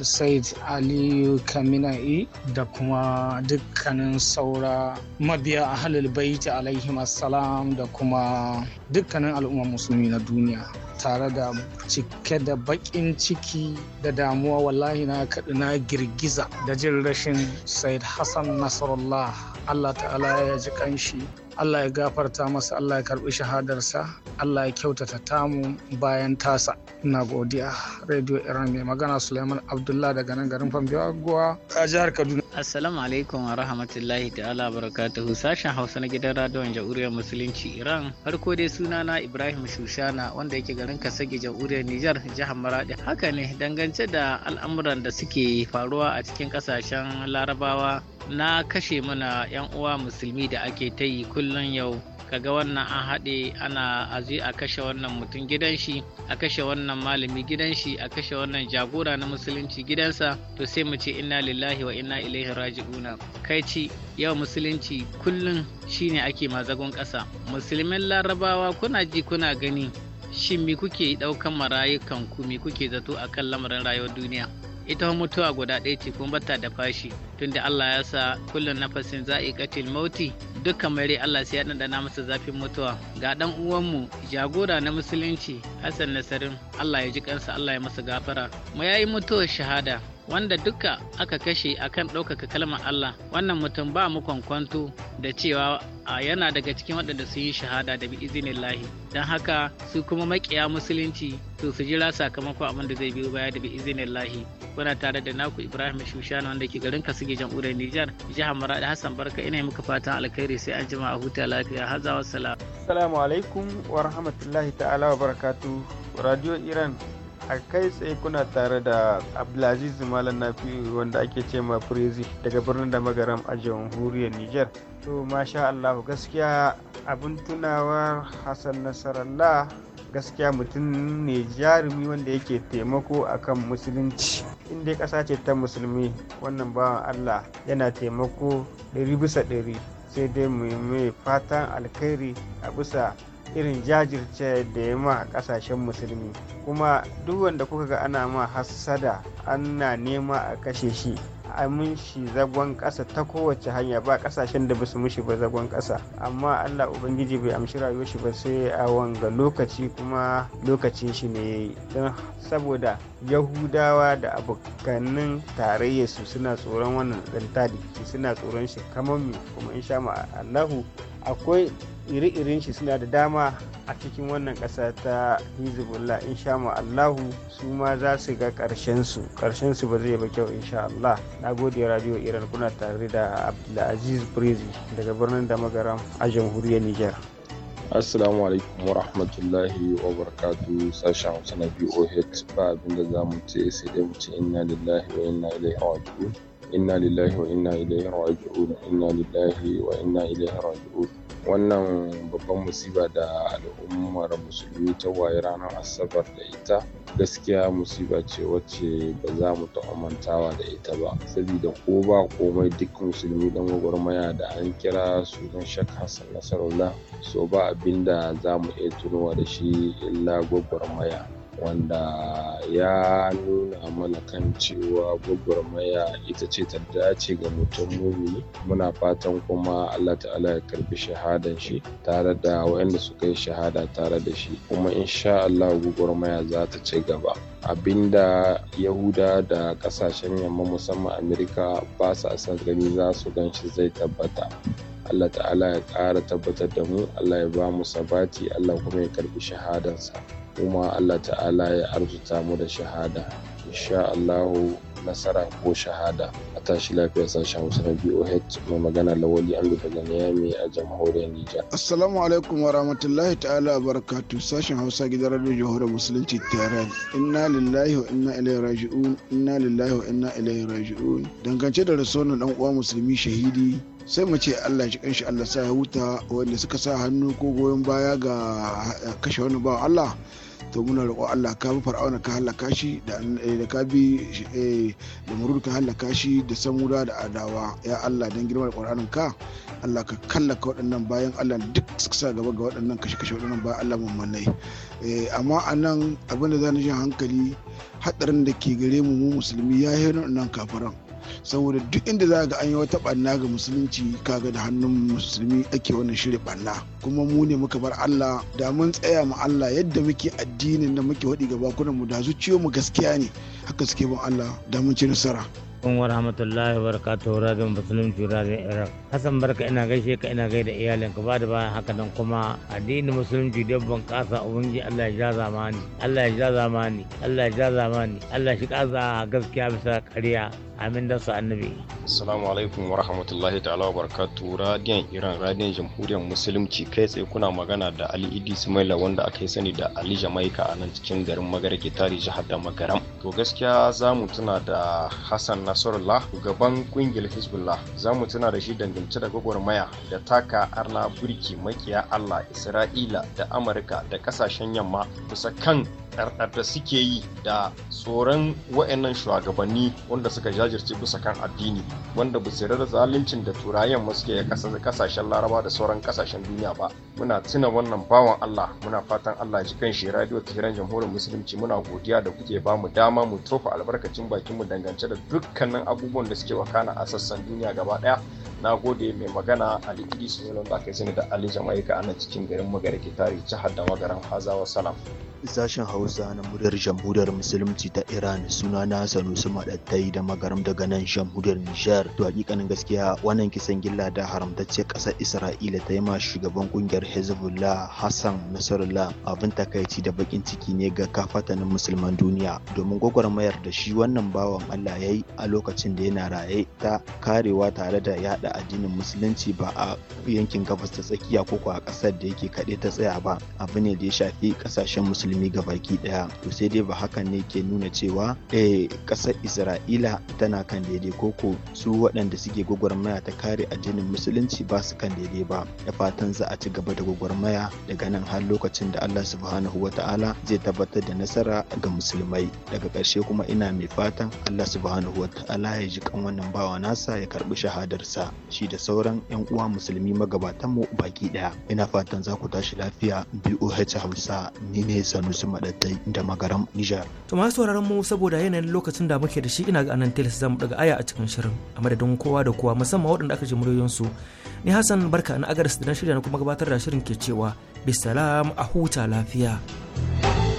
said aliyu kamina'i da kuma dukkanin saura mabiya ahalul baiti alaihi assalam da kuma dukkanin al'umma musulmi na duniya tare da cike da baƙin ciki da damuwa wallahi na kaɗi, na girgiza da jin rashin said hassan nasarallah. Allah ta'ala ya ji kanshi Allah ya gafarta masa Allah ya karɓi shahadarsa Allah ya kyautata tamu bayan tasa na godiya radio Iran mai magana Suleiman Abdullah daga nan garin Fambiyagowa a jihar Kaduna Assalamu alaikum wa rahmatullahi ta'ala barakatuhu sashen Hausa na gidan radiyon Jamhuriyar Musulunci Iran farko dai na Ibrahim Shushana wanda yake garin Kasage Jamhuriyar Niger, jihar Maradi haka ne dangance da al'amuran da suke faruwa a cikin kasashen Larabawa na kashe mana 'yan uwa musulmi da ake ta yi kullum yau kaga wannan an haɗe ana aje a kashe wannan mutum gidan shi a kashe wannan malami gidan shi a kashe wannan jagora na musulunci gidansa to sai mu ce inna lillahi wa inna ilaihi raji'una kai ci yau musulunci kullum shine ake mazagon ƙasa musulmin larabawa kuna ji kuna gani shin me kuke ɗaukan marayukan ku me kuke zato akan lamarin rayuwar duniya ita mutuwa guda ɗaya ce kuma bata da fashi tunda Allah ya sa kullum nafasin za'i katil mauti dukkan mare Allah sai ya ɗanɗana masa zafin mutuwa ga ɗan uwanmu jagora na musulunci Hassan Nasarin Allah ya ji kansa Allah ya masa gafara mu yayi mutuwar shahada wanda duka aka kashe akan ɗaukaka kalmar Allah wannan mutum ba mu kwankwanto da cewa a yana daga cikin waɗanda su yi shahada da bi izinin lahi don haka su kuma maƙiya musulunci to su jira sakamakon abin da zai biyo baya daga izinin lahi kuna tare da naku ibrahim shushana wanda ke garin kasige jamhuriyar nijar jihar maradi hassan barka ina muka fatan alkhairi sai an jima a huta lafiya hazawa salam assalamu alaikum wa rahmatullahi ta'ala wa barakatu radio iran a kai tsaye kuna tare da abdulaziz malam nafi wanda ake ce ma daga birnin da magaram a jamhuriyar niger to masha allahu gaskiya abin tunawar hassan nasarallah gaskiya mutum ne jarumi wanda yake taimako akan musulunci inda ƙasa ce ta musulmi wannan bawan allah yana taimako ɗari bisa ɗari sai dai mai fatan alkhairi a bisa irin jajirce da ya ma kasashen musulmi kuma duk wanda kuka ga ana ma hassada ana nema a kashe shi shi zagon ƙasa ta kowace hanya ba kasashen da basu mushi ba zagon kasa amma allah ubangiji bai amshi rayuwar shi ba sai a wanga lokaci kuma lokacin shi ne ya yi don saboda yahudawa da abokanin tarayyarsu suna tsoron wannan ɗan tadi suna tsoron shi kamar mu kuma in sha allahu akwai iri-irin shi suna da dama a cikin wannan ƙasa ta hezbollah insha allahu su ma za su ga ƙarshensu ƙarshensu ba zai ba kyau insha allah na gode radio iran kuna tare da abdulaziz brezi daga birnin damagaram a jamhuriyar niger Assalamu alaikum wa rahmatullahi wa barakatu sashen Hausa na BOH ba abinda za mu ce sai dai mu ce inna lillahi wa inna ilaihi raji'un. inna lillahi wa inna ilaihi raji'un inna lillahi wa inna ilaihi raji'un wannan babban musiba da al'ummar musulmi ta waye ranar asabar da ita gaskiya musiba ce wacce ba za mu taɓa da ita ba saboda ko ba komai duk musulmi dan gwagwarmaya da an kira sunan shak hassan nasarullah so ba abin da za mu iya tunowa da shi illa gwagwarmaya wanda ya nuna mana kan cewa gwagwarmaya ita ce ta dace ga mutum ne muna fatan kuma allah ta'ala ya karɓi shahadan shi tare da waɗanda suka yi shahada tare da shi kuma insha allah gwagwarmaya za ta ci gaba abinda yahuda da kasashen yamma musamman amerika ba sa san gani za su gan shi zai tabbata Allah ta'ala ya ƙara tabbatar da mu Allah ya ba mu sabati Allah kuma ya karbi shahadansa kuma Allah ta'ala ya arzuta mu da shahada insha Allahu nasara ko shahada a tashi lafiya sashen hausa na boh mai magana lawali an rufe ganiyami a jamhuriyar nijar assalamu alaikum wa rahmatullahi ta'ala barakatu sashen hausa gidan radio jihohar musulunci tehran inna lillahi wa inna ilaihi raji'un inna lillahi wa inna ilaihi raji'un dangance da rasulun dan uwa musulmi shahidi sai mu ce Allah shi kanshi Allah sa ya huta wanda suka sa hannu ko goyon baya ga eh, kashe wani bawa Allah to muna roƙo Allah ka bi fara'auna ka halaka shi da eh, ka bi eh, da murur ka halaka shi da samura da adawa ya Allah dan girmar ƙwararren ka Allah ka kallaka waɗannan bayan Allah duk suka sa gaba ga waɗannan kashe-kashe waɗannan bayan Allah mummanai eh, amma a nan abin da za ni jan hankali haɗarin da ke gare mu mu musulmi ya yi nan kafaran. saboda duk inda za ga an yi wata ɓanna ga musulunci kaga da hannun musulmi ake wannan shirin ɓanna kuma mu ne muka bar Allah da mun tsaya mu Allah yadda muke addinin da muke waɗi ga bakunan mu da zuciyo mu gaskiya ne haka suke bin Allah da mun ci nasara alaikum wa rahmatullahi wa barakatuhu radiyon musulunci radiyon iraq hasan barka ina gaishe ka ina gaida ka ba da bayan haka nan kuma addinin musulunci don bunƙasa ubangi allah ya jaza mani allah ya jaza mani allah ya jaza mani allah shi a gaskiya bisa ƙarya amin da su annabi assalamu alaikum wa rahmatullahi ta'ala wa barakatuhu radiyan iran radiyon jamhuriyar musulunci kai tsaye kuna magana da ali idi sumaila wanda aka yi sani da ali jamaika a nan cikin garin magara ke jihar da magaram to gaskiya za mu tuna da hassan nasarullah gaban kungiyar hezbollah za mu tuna da shi dangance da gwagwarmaya da taka arna burki makiya allah isra'ila da amurka da kasashen yamma kusa kan da suke yi da tsoron wa'annan shugabanni wanda suka jajirce bisa kan addini wanda ba su da zaluncin da turayen masu ke kasashen laraba da sauran kasashen duniya ba muna tuna wannan bawan allah muna fatan allah ji kan shi radio ta hiran jamhuriyar musulunci muna godiya da kuke ba mu dama mu tofa albarkacin bakin mu dangance da dukkanin abubuwan da suke wakana a sassan duniya gaba ɗaya! na gode mai magana ali idris yalon da aka sani da ali jamaika ana cikin garin magaraki tare jihar da magaran hazawa salam sashen hausa na muryar jamhuriyar musulunci ta iran suna na sanusi madattai da magaram daga nan jamhuriyar nijar to hakikanin gaskiya wannan kisan gilla da haramtacce ƙasar isra'ila ta yi ma shugaban ƙungiyar hezbollah hassan nasarullah abin takaici da bakin ciki ne ga kafatanin musulman duniya domin gwagwarmayar da shi wannan bawan allah ya yi a lokacin da yana raye ta karewa tare da yada addinin musulunci ba a yankin gabas ta tsakiya ko a kasar da yake kaɗai ta tsaya ba abu ne da ya shafi kasashen musulmi gabaki ɗaya to sai dai ba hakan ne ke nuna cewa eh kasar isra'ila tana kan daidai ko ko su waɗanda suke gwagwarmaya ta kare addinin musulunci ba su kan daidai ba da fatan za a ci gaba da gwagwarmaya daga nan har lokacin da allah subhanahu wataala zai tabbatar da nasara ga musulmai daga ƙarshe kuma ina mai fatan allah subhanahu wataala ya ji kan wannan bawa nasa ya karɓi shahadarsa shi da sauran 'yan uwa musulmi magabatanmu baki daya ina fatan za ku tashi lafiya boh hausa ni ne sanusi madaddai da magaram nijar to masu sauraron mu saboda yanayin lokacin da muke da shi ina ga anan tilas zamu daga aya a cikin shirin a madadin kowa da kowa musamman waɗanda aka ji su ni hassan barka na agaris da na shirya na kuma gabatar da shirin ke cewa bisalam a huta lafiya. thank you